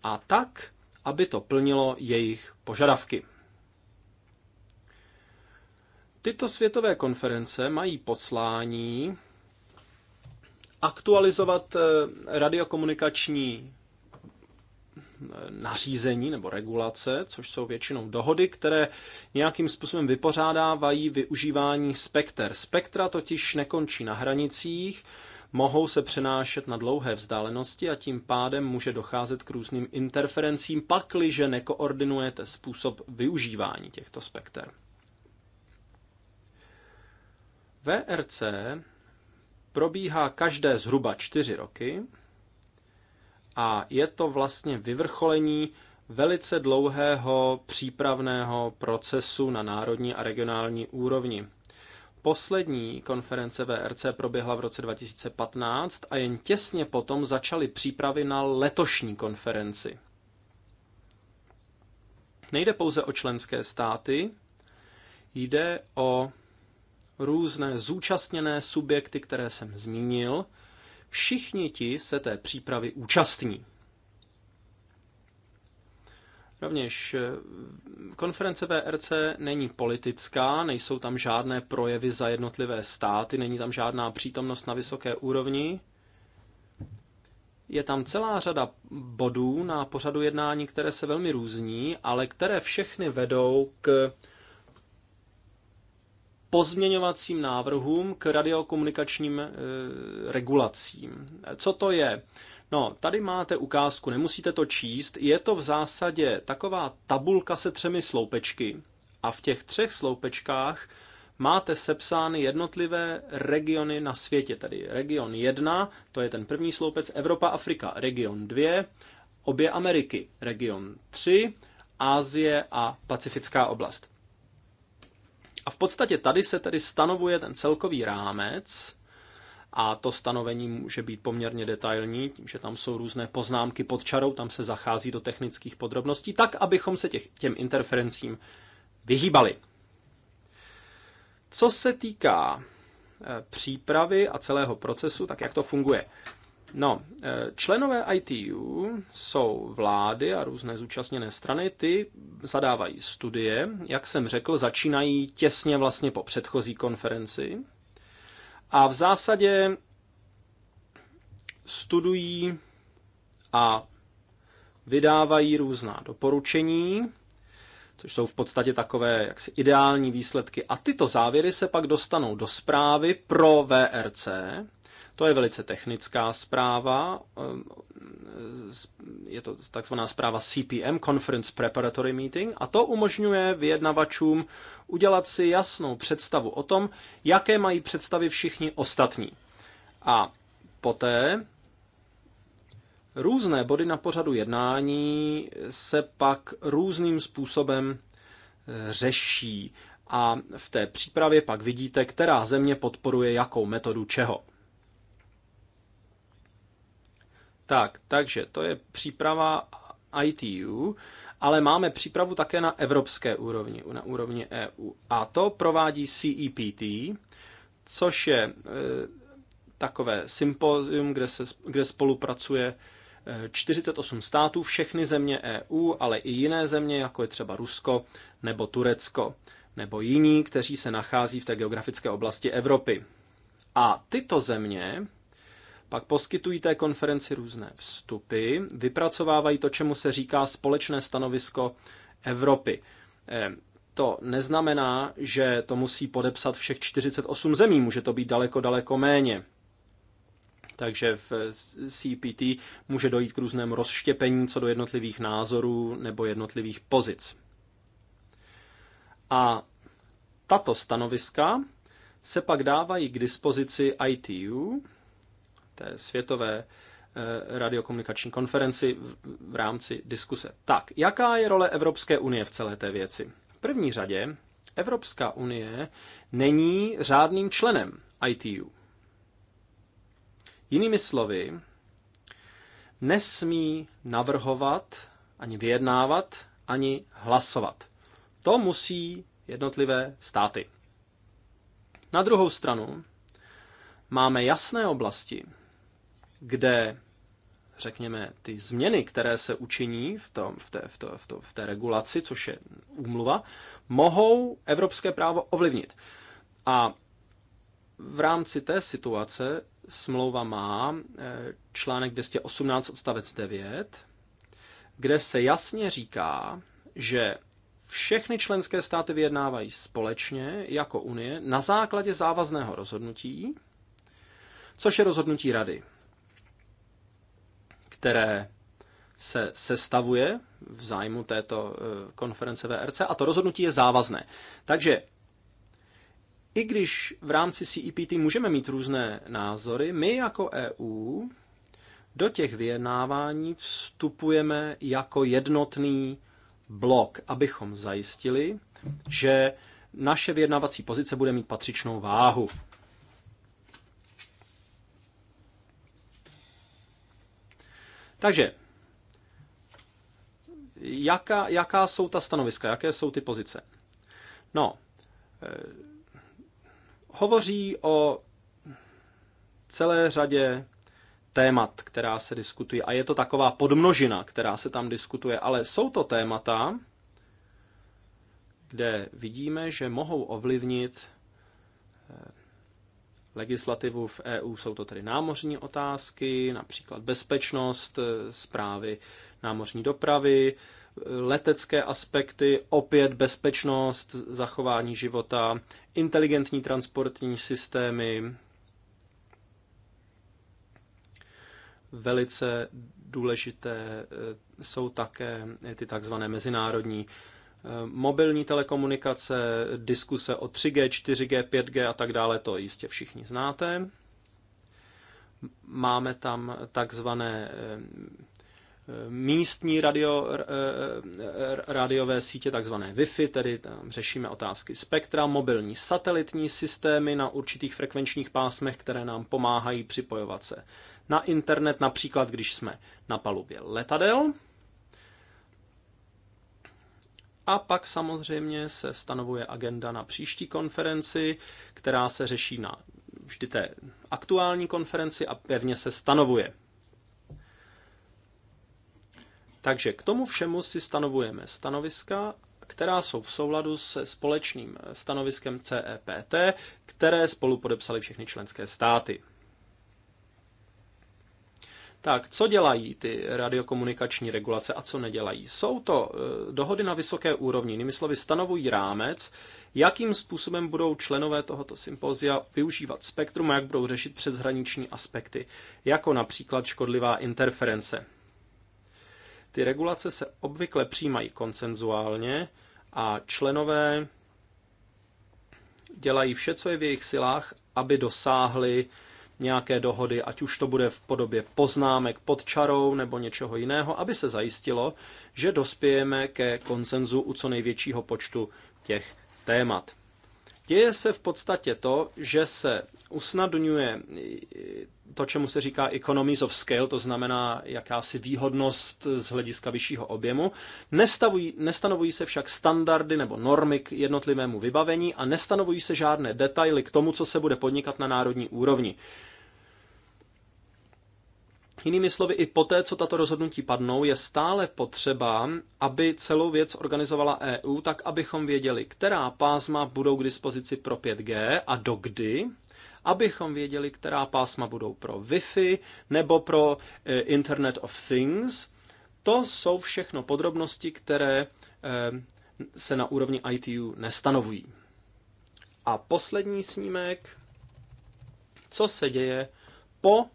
a tak, aby to plnilo jejich požadavky. Tyto světové konference mají poslání aktualizovat eh, radiokomunikační eh, nařízení nebo regulace, což jsou většinou dohody, které nějakým způsobem vypořádávají využívání spekter. Spektra totiž nekončí na hranicích, mohou se přenášet na dlouhé vzdálenosti a tím pádem může docházet k různým interferencím, pakliže nekoordinujete způsob využívání těchto spekter. VRC probíhá každé zhruba čtyři roky a je to vlastně vyvrcholení velice dlouhého přípravného procesu na národní a regionální úrovni. Poslední konference VRC proběhla v roce 2015 a jen těsně potom začaly přípravy na letošní konferenci. Nejde pouze o členské státy, jde o různé zúčastněné subjekty, které jsem zmínil, všichni ti se té přípravy účastní. Rovněž eh, konference VRC není politická, nejsou tam žádné projevy za jednotlivé státy, není tam žádná přítomnost na vysoké úrovni. Je tam celá řada bodů na pořadu jednání, které se velmi různí, ale které všechny vedou k pozměňovacím návrhům k radiokomunikačním eh, regulacím. Co to je? No, tady máte ukázku, nemusíte to číst. Je to v zásadě taková tabulka se třemi sloupečky. A v těch třech sloupečkách máte sepsány jednotlivé regiony na světě. Tedy region 1, to je ten první sloupec, Evropa, Afrika. Region 2, obě Ameriky. Region 3, Ázie a Pacifická oblast. A v podstatě tady se tedy stanovuje ten celkový rámec, a to stanovení může být poměrně detailní, tím, že tam jsou různé poznámky pod čarou, tam se zachází do technických podrobností, tak, abychom se těch, těm interferencím vyhýbali. Co se týká eh, přípravy a celého procesu, tak jak to funguje? No, eh, členové ITU jsou vlády a různé zúčastněné strany, ty zadávají studie, jak jsem řekl, začínají těsně vlastně po předchozí konferenci a v zásadě studují a vydávají různá doporučení, což jsou v podstatě takové jaksi ideální výsledky. A tyto závěry se pak dostanou do zprávy pro VRC, to je velice technická zpráva, ehm, je to takzvaná zpráva CPM, Conference Preparatory Meeting, a to umožňuje vyjednavačům udělat si jasnou představu o tom, jaké mají představy všichni ostatní. A poté různé body na pořadu jednání se pak různým způsobem eh, řeší a v té přípravě pak vidíte, která země podporuje jakou metodu čeho. Tak, takže to je příprava ITU, ale máme přípravu také na evropské úrovni, na úrovni EU. A to provádí CEPT, což je e, takové sympozium, kde, se, kde spolupracuje 48 e, států, všechny země EU, ale i jiné země, jako je třeba Rusko nebo Turecko, nebo jiní, kteří se nachází v té geografické oblasti Evropy. A tyto země pak poskytují té konferenci různé vstupy, vypracovávají to, čemu se říká společné stanovisko Evropy. Eh, to neznamená, že to musí podepsat všech 48 zemí, může to být daleko, daleko méně. Takže v CPT může dojít k různému rozštěpení co do jednotlivých názorů nebo jednotlivých pozic. A tato stanoviska se pak dávají k dispozici ITU, té světové eh, radiokomunikační konferenci v rámci diskuse. Tak, jaká je role Evropské unie v celé té věci? V první řadě Evropská unie není řádným členem ITU. Jinými slovy, nesmí navrhovat, ani vyjednávat, ani hlasovat. To musí jednotlivé státy. Na druhou stranu máme jasné oblasti, kde řekněme, ty změny, které se učiní v, tom, v, té, v, to, v, to, v té regulaci, což je úmluva, mohou evropské právo ovlivnit. A v rámci té situace smlouva má eh, článek 218 odstavec 9, kde se jasně říká, že všechny členské státy vyjednávají společně jako Unie na základě závazného rozhodnutí, což je rozhodnutí Rady které se sestavuje v zájmu této eh, konference VRC a to rozhodnutí je závazné. Takže i když v rámci CEPT můžeme mít různé názory, my jako EU do těch vyjednávání vstupujeme jako jednotný blok, abychom zajistili, že naše vyjednávací pozice bude mít patřičnou váhu. Takže, jaká, jaká jsou ta stanoviska, jaké jsou ty pozice? No, eh, hovoří o celé řadě témat, která se diskutuje. A je to taková podmnožina, která se tam diskutuje. Ale jsou to témata, kde vidíme, že mohou ovlivnit legislativu v EU. Jsou to tedy námořní otázky, například bezpečnost, e, zprávy námořní dopravy, e, letecké aspekty, opět bezpečnost, zachování života, inteligentní transportní systémy, velice důležité e, jsou také ty takzvané mezinárodní Eh, mobilní telekomunikace, diskuse o 3G, 4G, 5G a tak dále, to jistě všichni znáte. Máme tam takzvané eh, eh, místní radio, radiové sítě, takzvané Wi-Fi, tedy tam řešíme otázky spektra, mobilní satelitní systémy na určitých frekvenčních pásmech, které nám pomáhají připojovat se na internet, například když jsme na palubě letadel, a pak samozřejmě se stanovuje agenda na příští konferenci, která se řeší na vždy té aktuální konferenci a pevně se stanovuje. Takže k tomu všemu si stanovujeme stanoviska, která jsou v souladu se společným stanoviskem CEPT, které spolu podepsali všechny členské státy. Tak, co dělají ty radiokomunikační regulace a co nedělají? Jsou to eh, dohody na vysoké úrovni, jinými slovy stanovují rámec, jakým způsobem budou členové tohoto sympozia využívat spektrum a jak budou řešit přeshraniční aspekty, jako například škodlivá interference. Ty regulace se obvykle přijímají konsenzuálně a členové dělají vše, co je v jejich silách, aby dosáhli nějaké dohody, ať už to bude v podobě poznámek pod čarou nebo něčeho jiného, aby se zajistilo, že dospějeme ke konsenzu u co největšího počtu těch témat. Děje se v podstatě to, že se usnadňuje to, čemu se říká economies of scale, to znamená jakási výhodnost z hlediska vyššího objemu. Nestavují, nestanovují se však standardy nebo normy k jednotlivému vybavení a nestanovují se žádné detaily k tomu, co se bude podnikat na národní úrovni. Jinými slovy, i poté, co tato rozhodnutí padnou, je stále potřeba, aby celou věc organizovala EU, tak abychom věděli, která pásma budou k dispozici pro 5G a dokdy, abychom věděli, která pásma budou pro Wi-Fi nebo pro eh, Internet of Things. To jsou všechno podrobnosti, které eh, se na úrovni ITU nestanovují. A poslední snímek, co se děje po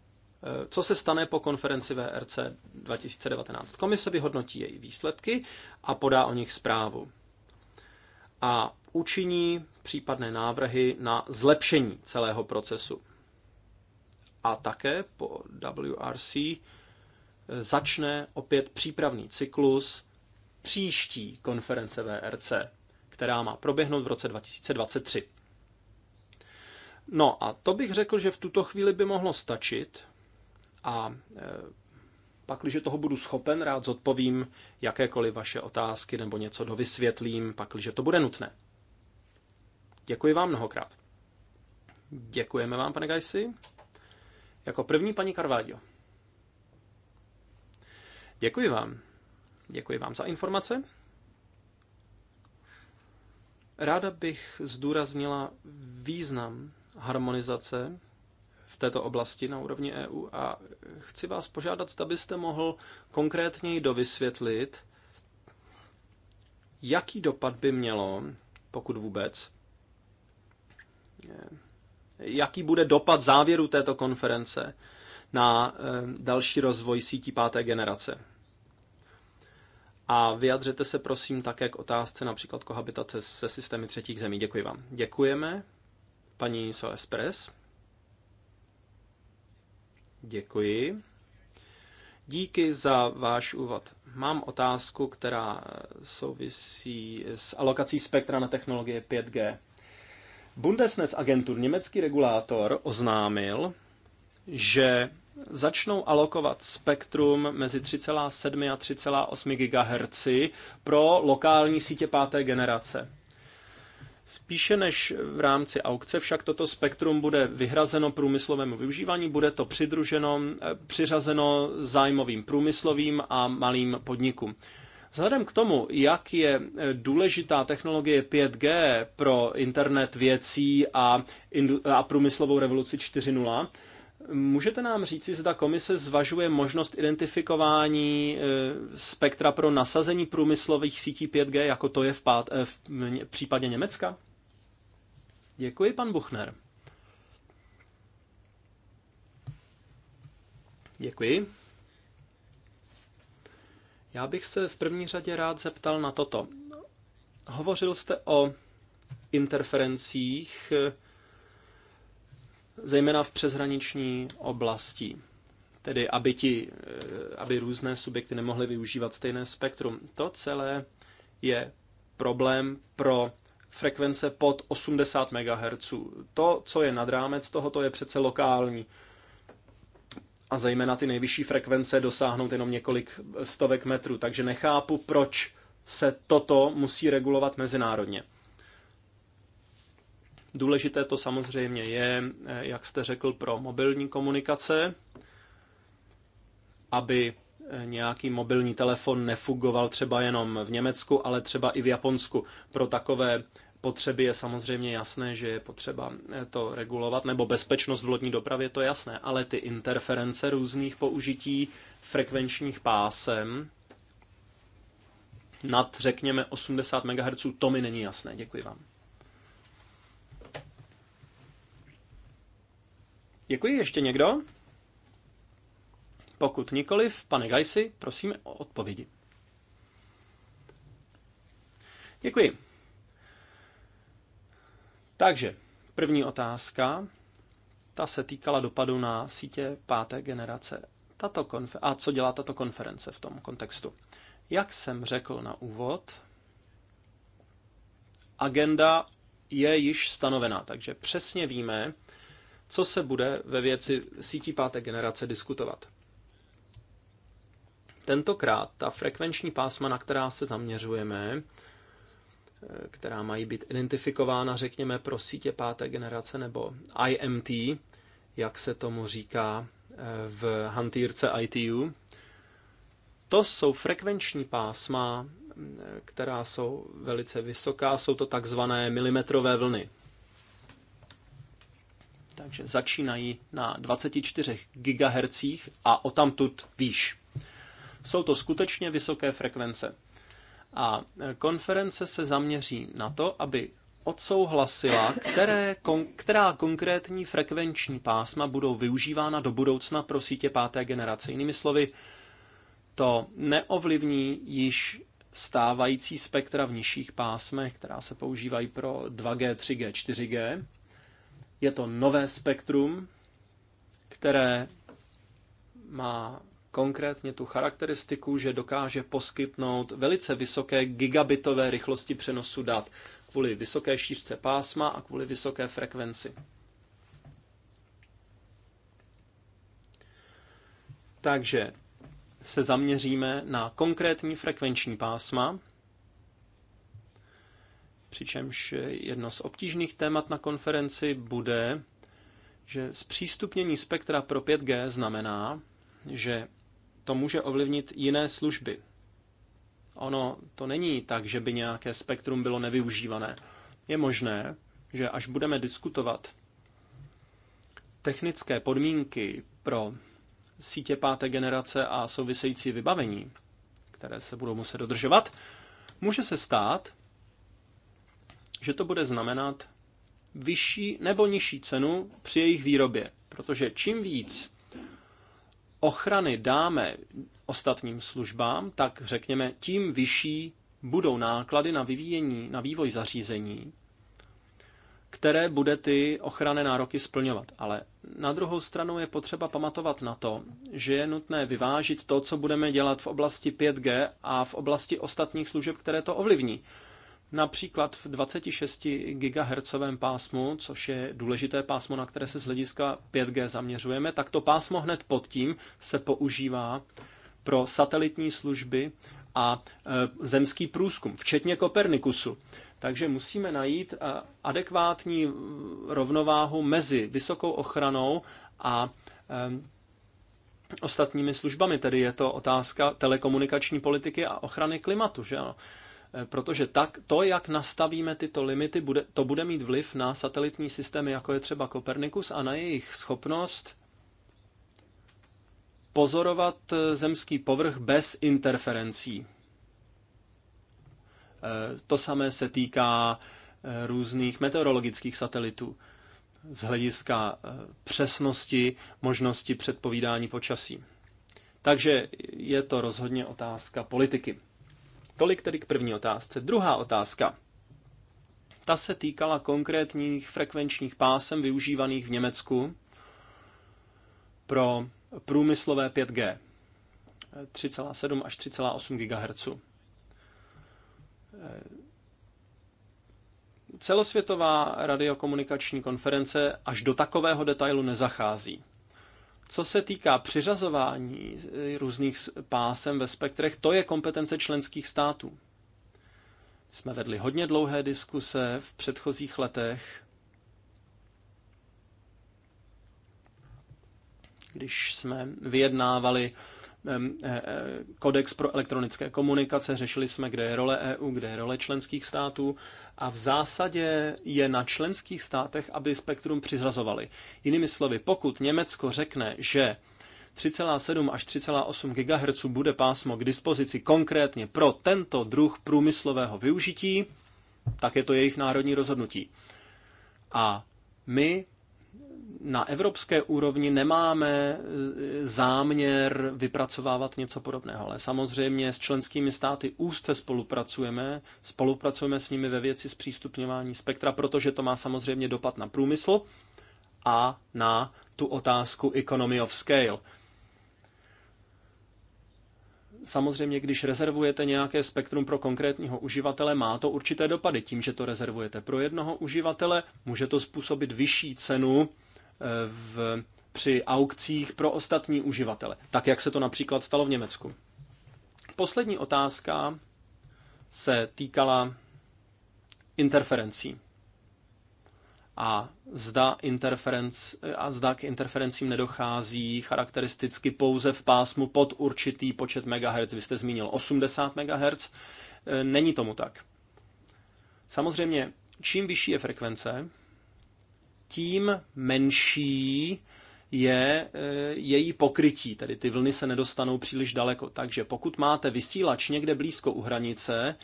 Eh, co se stane po konferenci VRC 2019? Komise vyhodnotí její výsledky a podá o nich zprávu. A učiní případné návrhy na zlepšení celého procesu. A také po WRC eh, začne opět přípravný cyklus příští konference VRC, která má proběhnout v roce 2023. No a to bych řekl, že v tuto chvíli by mohlo stačit, a e, pak, když toho budu schopen, rád zodpovím jakékoliv vaše otázky nebo něco dovysvětlím, pak, když to bude nutné. Děkuji vám mnohokrát. Děkujeme vám, pane Gajsi. Jako první paní Carvalho. Děkuji vám. Děkuji vám za informace. Ráda bych zdůraznila význam harmonizace této oblasti na úrovni EU a chci vás požádat, zda byste mohl konkrétněji dovysvětlit, jaký dopad by mělo, pokud vůbec, jaký bude dopad závěru této konference na eh, další rozvoj sítí páté generace. A vyjadřete se prosím také k otázce například kohabitace se systémy třetích zemí. Děkuji vám. Děkujeme, paní Soles Pres. Děkuji. Díky za váš úvod. Mám otázku, která souvisí s alokací spektra na technologie 5G. Bundesnetzagentur, německý regulátor, oznámil, že začnou alokovat spektrum mezi 3,7 a 3,8 GHz pro lokální sítě páté generace. Spíše než v rámci aukce však toto spektrum bude vyhrazeno průmyslovému využívání, bude to přidruženo, eh, přiřazeno zájmovým průmyslovým a malým podnikům. Vzhledem k tomu, jak je eh, důležitá technologie 5G pro internet věcí a, a průmyslovou revoluci 4.0, Můžete nám říci, zda komise zvažuje možnost identifikování e, spektra pro nasazení průmyslových sítí 5G, jako to je v, pát, e, v případě Německa? Děkuji, pan Buchner. Děkuji. Já bych se v první řadě rád zeptal na toto. Hovořil jste o interferencích, e, zejména v přeshraniční oblasti. Tedy, aby, ti, eh, aby různé subjekty nemohly využívat stejné spektrum. To celé je problém pro frekvence pod 80 MHz. To, co je nad rámec tohoto, je přece lokální. A zejména ty nejvyšší frekvence dosáhnout jenom několik stovek metrů. Takže nechápu, proč se toto musí regulovat mezinárodně. Důležité to samozřejmě je, eh, jak jste řekl, pro mobilní komunikace, aby eh, nějaký mobilní telefon nefugoval třeba jenom v Německu, ale třeba i v Japonsku. Pro takové potřeby je samozřejmě jasné, že je potřeba eh, to regulovat, nebo bezpečnost v lodní dopravě, to je jasné, ale ty interference různých použití frekvenčních pásem nad, řekněme, 80 MHz, to mi není jasné. Děkuji vám. Děkuji. Ještě někdo? Pokud nikoliv, pane Gajsi, prosím o odpovědi. Děkuji. Takže, první otázka. Ta se týkala dopadu na sítě páté generace. Tato konfer- a co dělá tato konference v tom kontextu? Jak jsem řekl na úvod, agenda je již stanovená, takže přesně víme, co se bude ve věci sítí páté generace diskutovat. Tentokrát ta frekvenční pásma, na která se zaměřujeme, eh, která mají být identifikována, řekněme, pro sítě páté generace nebo IMT, jak se tomu říká eh, v hantýrce ITU. To jsou frekvenční pásma, eh, která jsou velice vysoká, jsou to takzvané milimetrové vlny. Takže začínají na 24 GHz a o tamtud výš. Jsou to skutečně vysoké frekvence. A konference se zaměří na to, aby odsouhlasila, které, kon, která konkrétní frekvenční pásma budou využívána do budoucna pro sítě páté generace. Jinými slovy, to neovlivní již stávající spektra v nižších pásmech, která se používají pro 2G, 3G, 4G, je to nové spektrum, které má konkrétně tu charakteristiku, že dokáže poskytnout velice vysoké gigabitové rychlosti přenosu dat kvůli vysoké šířce pásma a kvůli vysoké frekvenci. Takže se zaměříme na konkrétní frekvenční pásma, Přičemž jedno z obtížných témat na konferenci bude, že zpřístupnění spektra pro 5G znamená, že to může ovlivnit jiné služby. Ono to není tak, že by nějaké spektrum bylo nevyužívané. Je možné, že až budeme diskutovat technické podmínky pro sítě páté generace a související vybavení, které se budou muset dodržovat, může se stát, že to bude znamenat vyšší nebo nižší cenu při jejich výrobě. Protože čím víc ochrany dáme ostatním službám, tak řekněme, tím vyšší budou náklady na vyvíjení, na vývoj zařízení, které bude ty ochranné nároky splňovat. Ale na druhou stranu je potřeba pamatovat na to, že je nutné vyvážit to, co budeme dělat v oblasti 5G a v oblasti ostatních služeb, které to ovlivní. Například v 26 GHz pásmu, což je důležité pásmo, na které se z hlediska 5G zaměřujeme, tak to pásmo hned pod tím se používá pro satelitní služby a e, zemský průzkum, včetně Kopernikusu. Takže musíme najít e, adekvátní e, rovnováhu mezi vysokou ochranou a ostatními službami. Tedy je to otázka telekomunikační politiky a ochrany klimatu. Že ano? Eh, protože tak, to, jak nastavíme tyto limity, bude, to bude mít vliv na satelitní systémy, jako je třeba Kopernikus, a na jejich schopnost pozorovat eh, zemský povrch bez interferencí. Eh, to samé se týká různých meteorologických satelitů z hlediska přesnosti, možnosti předpovídání počasí. Takže je to rozhodně otázka politiky. Tolik tedy k první otázce. Druhá otázka. Ta se týkala konkrétních frekvenčních pásem využívaných v Německu pro průmyslové 5G 3,7 až 3,8 GHz. Eh, celosvětová radiokomunikační konference až do takového detailu nezachází. Co se týká přiřazování eh, různých pásem ve spektrech, to je kompetence členských států. Jsme vedli hodně dlouhé diskuse v předchozích letech, když jsme vyjednávali Eh, eh, kodex pro elektronické komunikace, řešili jsme, kde je role EU, kde je role členských států a v zásadě je na členských státech, aby spektrum přizrazovali. Jinými slovy, pokud Německo řekne, že 3,7 až 3,8 GHz bude pásmo k dispozici konkrétně pro tento druh průmyslového využití, tak je to jejich národní rozhodnutí. A my na evropské úrovni nemáme e, záměr vypracovávat něco podobného, ale samozřejmě s členskými státy úzce spolupracujeme, spolupracujeme s nimi ve věci zpřístupňování spektra, protože to má samozřejmě dopad na průmysl a na tu otázku economy of scale. Samozřejmě, když rezervujete nějaké spektrum pro konkrétního uživatele, má to určité dopady. Tím, že to rezervujete pro jednoho uživatele, může to způsobit vyšší cenu v, při aukcích pro ostatní uživatele, tak jak se to například stalo v Německu. Poslední otázka se týkala interferencí. A zda, interferenc, a zda k interferencím nedochází charakteristicky pouze v pásmu pod určitý počet MHz. Vy jste zmínil 80 MHz. E, není tomu tak. Samozřejmě, čím vyšší je frekvence, tím menší je e, její pokrytí, tedy ty vlny se nedostanou příliš daleko. Takže pokud máte vysílač někde blízko u hranice,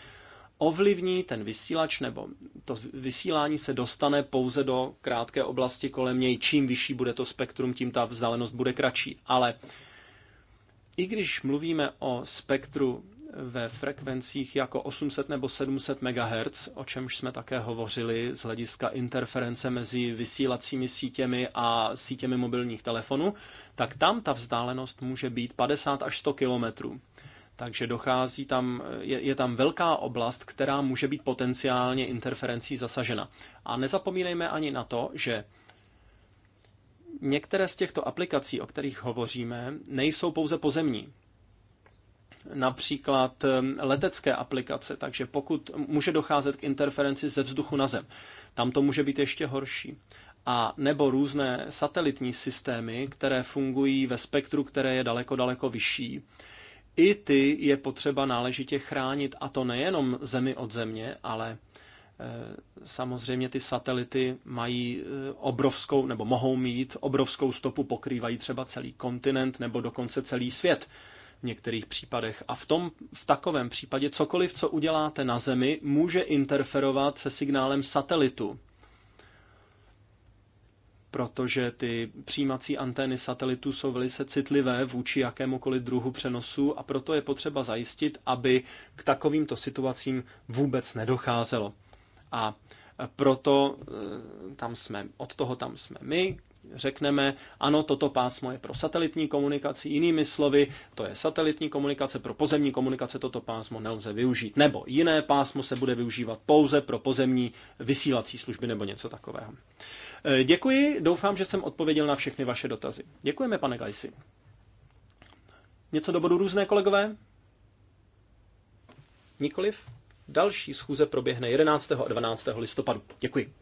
ovlivní ten vysílač nebo to vysílání se dostane pouze do krátké oblasti kolem něj. Čím vyšší bude to spektrum, tím ta vzdálenost bude kratší. Ale i když mluvíme o spektru ve frekvencích jako 800 nebo 700 MHz, o čemž jsme také hovořili z hlediska interference mezi vysílacími sítěmi a sítěmi mobilních telefonů, tak tam ta vzdálenost může být 50 až 100 kilometrů. Takže dochází tam, je, je tam velká oblast, která může být potenciálně interferencí zasažena. A nezapomínejme ani na to, že některé z těchto aplikací, o kterých hovoříme, nejsou pouze pozemní například letecké aplikace, takže pokud může docházet k interferenci ze vzduchu na zem, tam to může být ještě horší. A nebo různé satelitní systémy, které fungují ve spektru, které je daleko, daleko vyšší. I ty je potřeba náležitě chránit, a to nejenom zemi od země, ale eh, Samozřejmě ty satelity mají eh, obrovskou, nebo mohou mít obrovskou stopu, pokrývají třeba celý kontinent nebo dokonce celý svět některých případech. A v, tom, v takovém případě cokoliv, co uděláte na Zemi, může interferovat se signálem satelitu. Protože ty přijímací antény satelitu jsou velice citlivé vůči jakémukoliv druhu přenosu a proto je potřeba zajistit, aby k takovýmto situacím vůbec nedocházelo. A proto eh, tam jsme, od toho tam jsme my, řekneme, ano, toto pásmo je pro satelitní komunikaci, jinými slovy, to je satelitní komunikace, pro pozemní komunikace toto pásmo nelze využít, nebo jiné pásmo se bude využívat pouze pro pozemní vysílací služby nebo něco takového. E, děkuji, doufám, že jsem odpověděl na všechny vaše dotazy. Děkujeme, pane Gajsi. Něco do bodu různé, kolegové? Nikoliv? Další schůze proběhne 11. a 12. listopadu. Děkuji.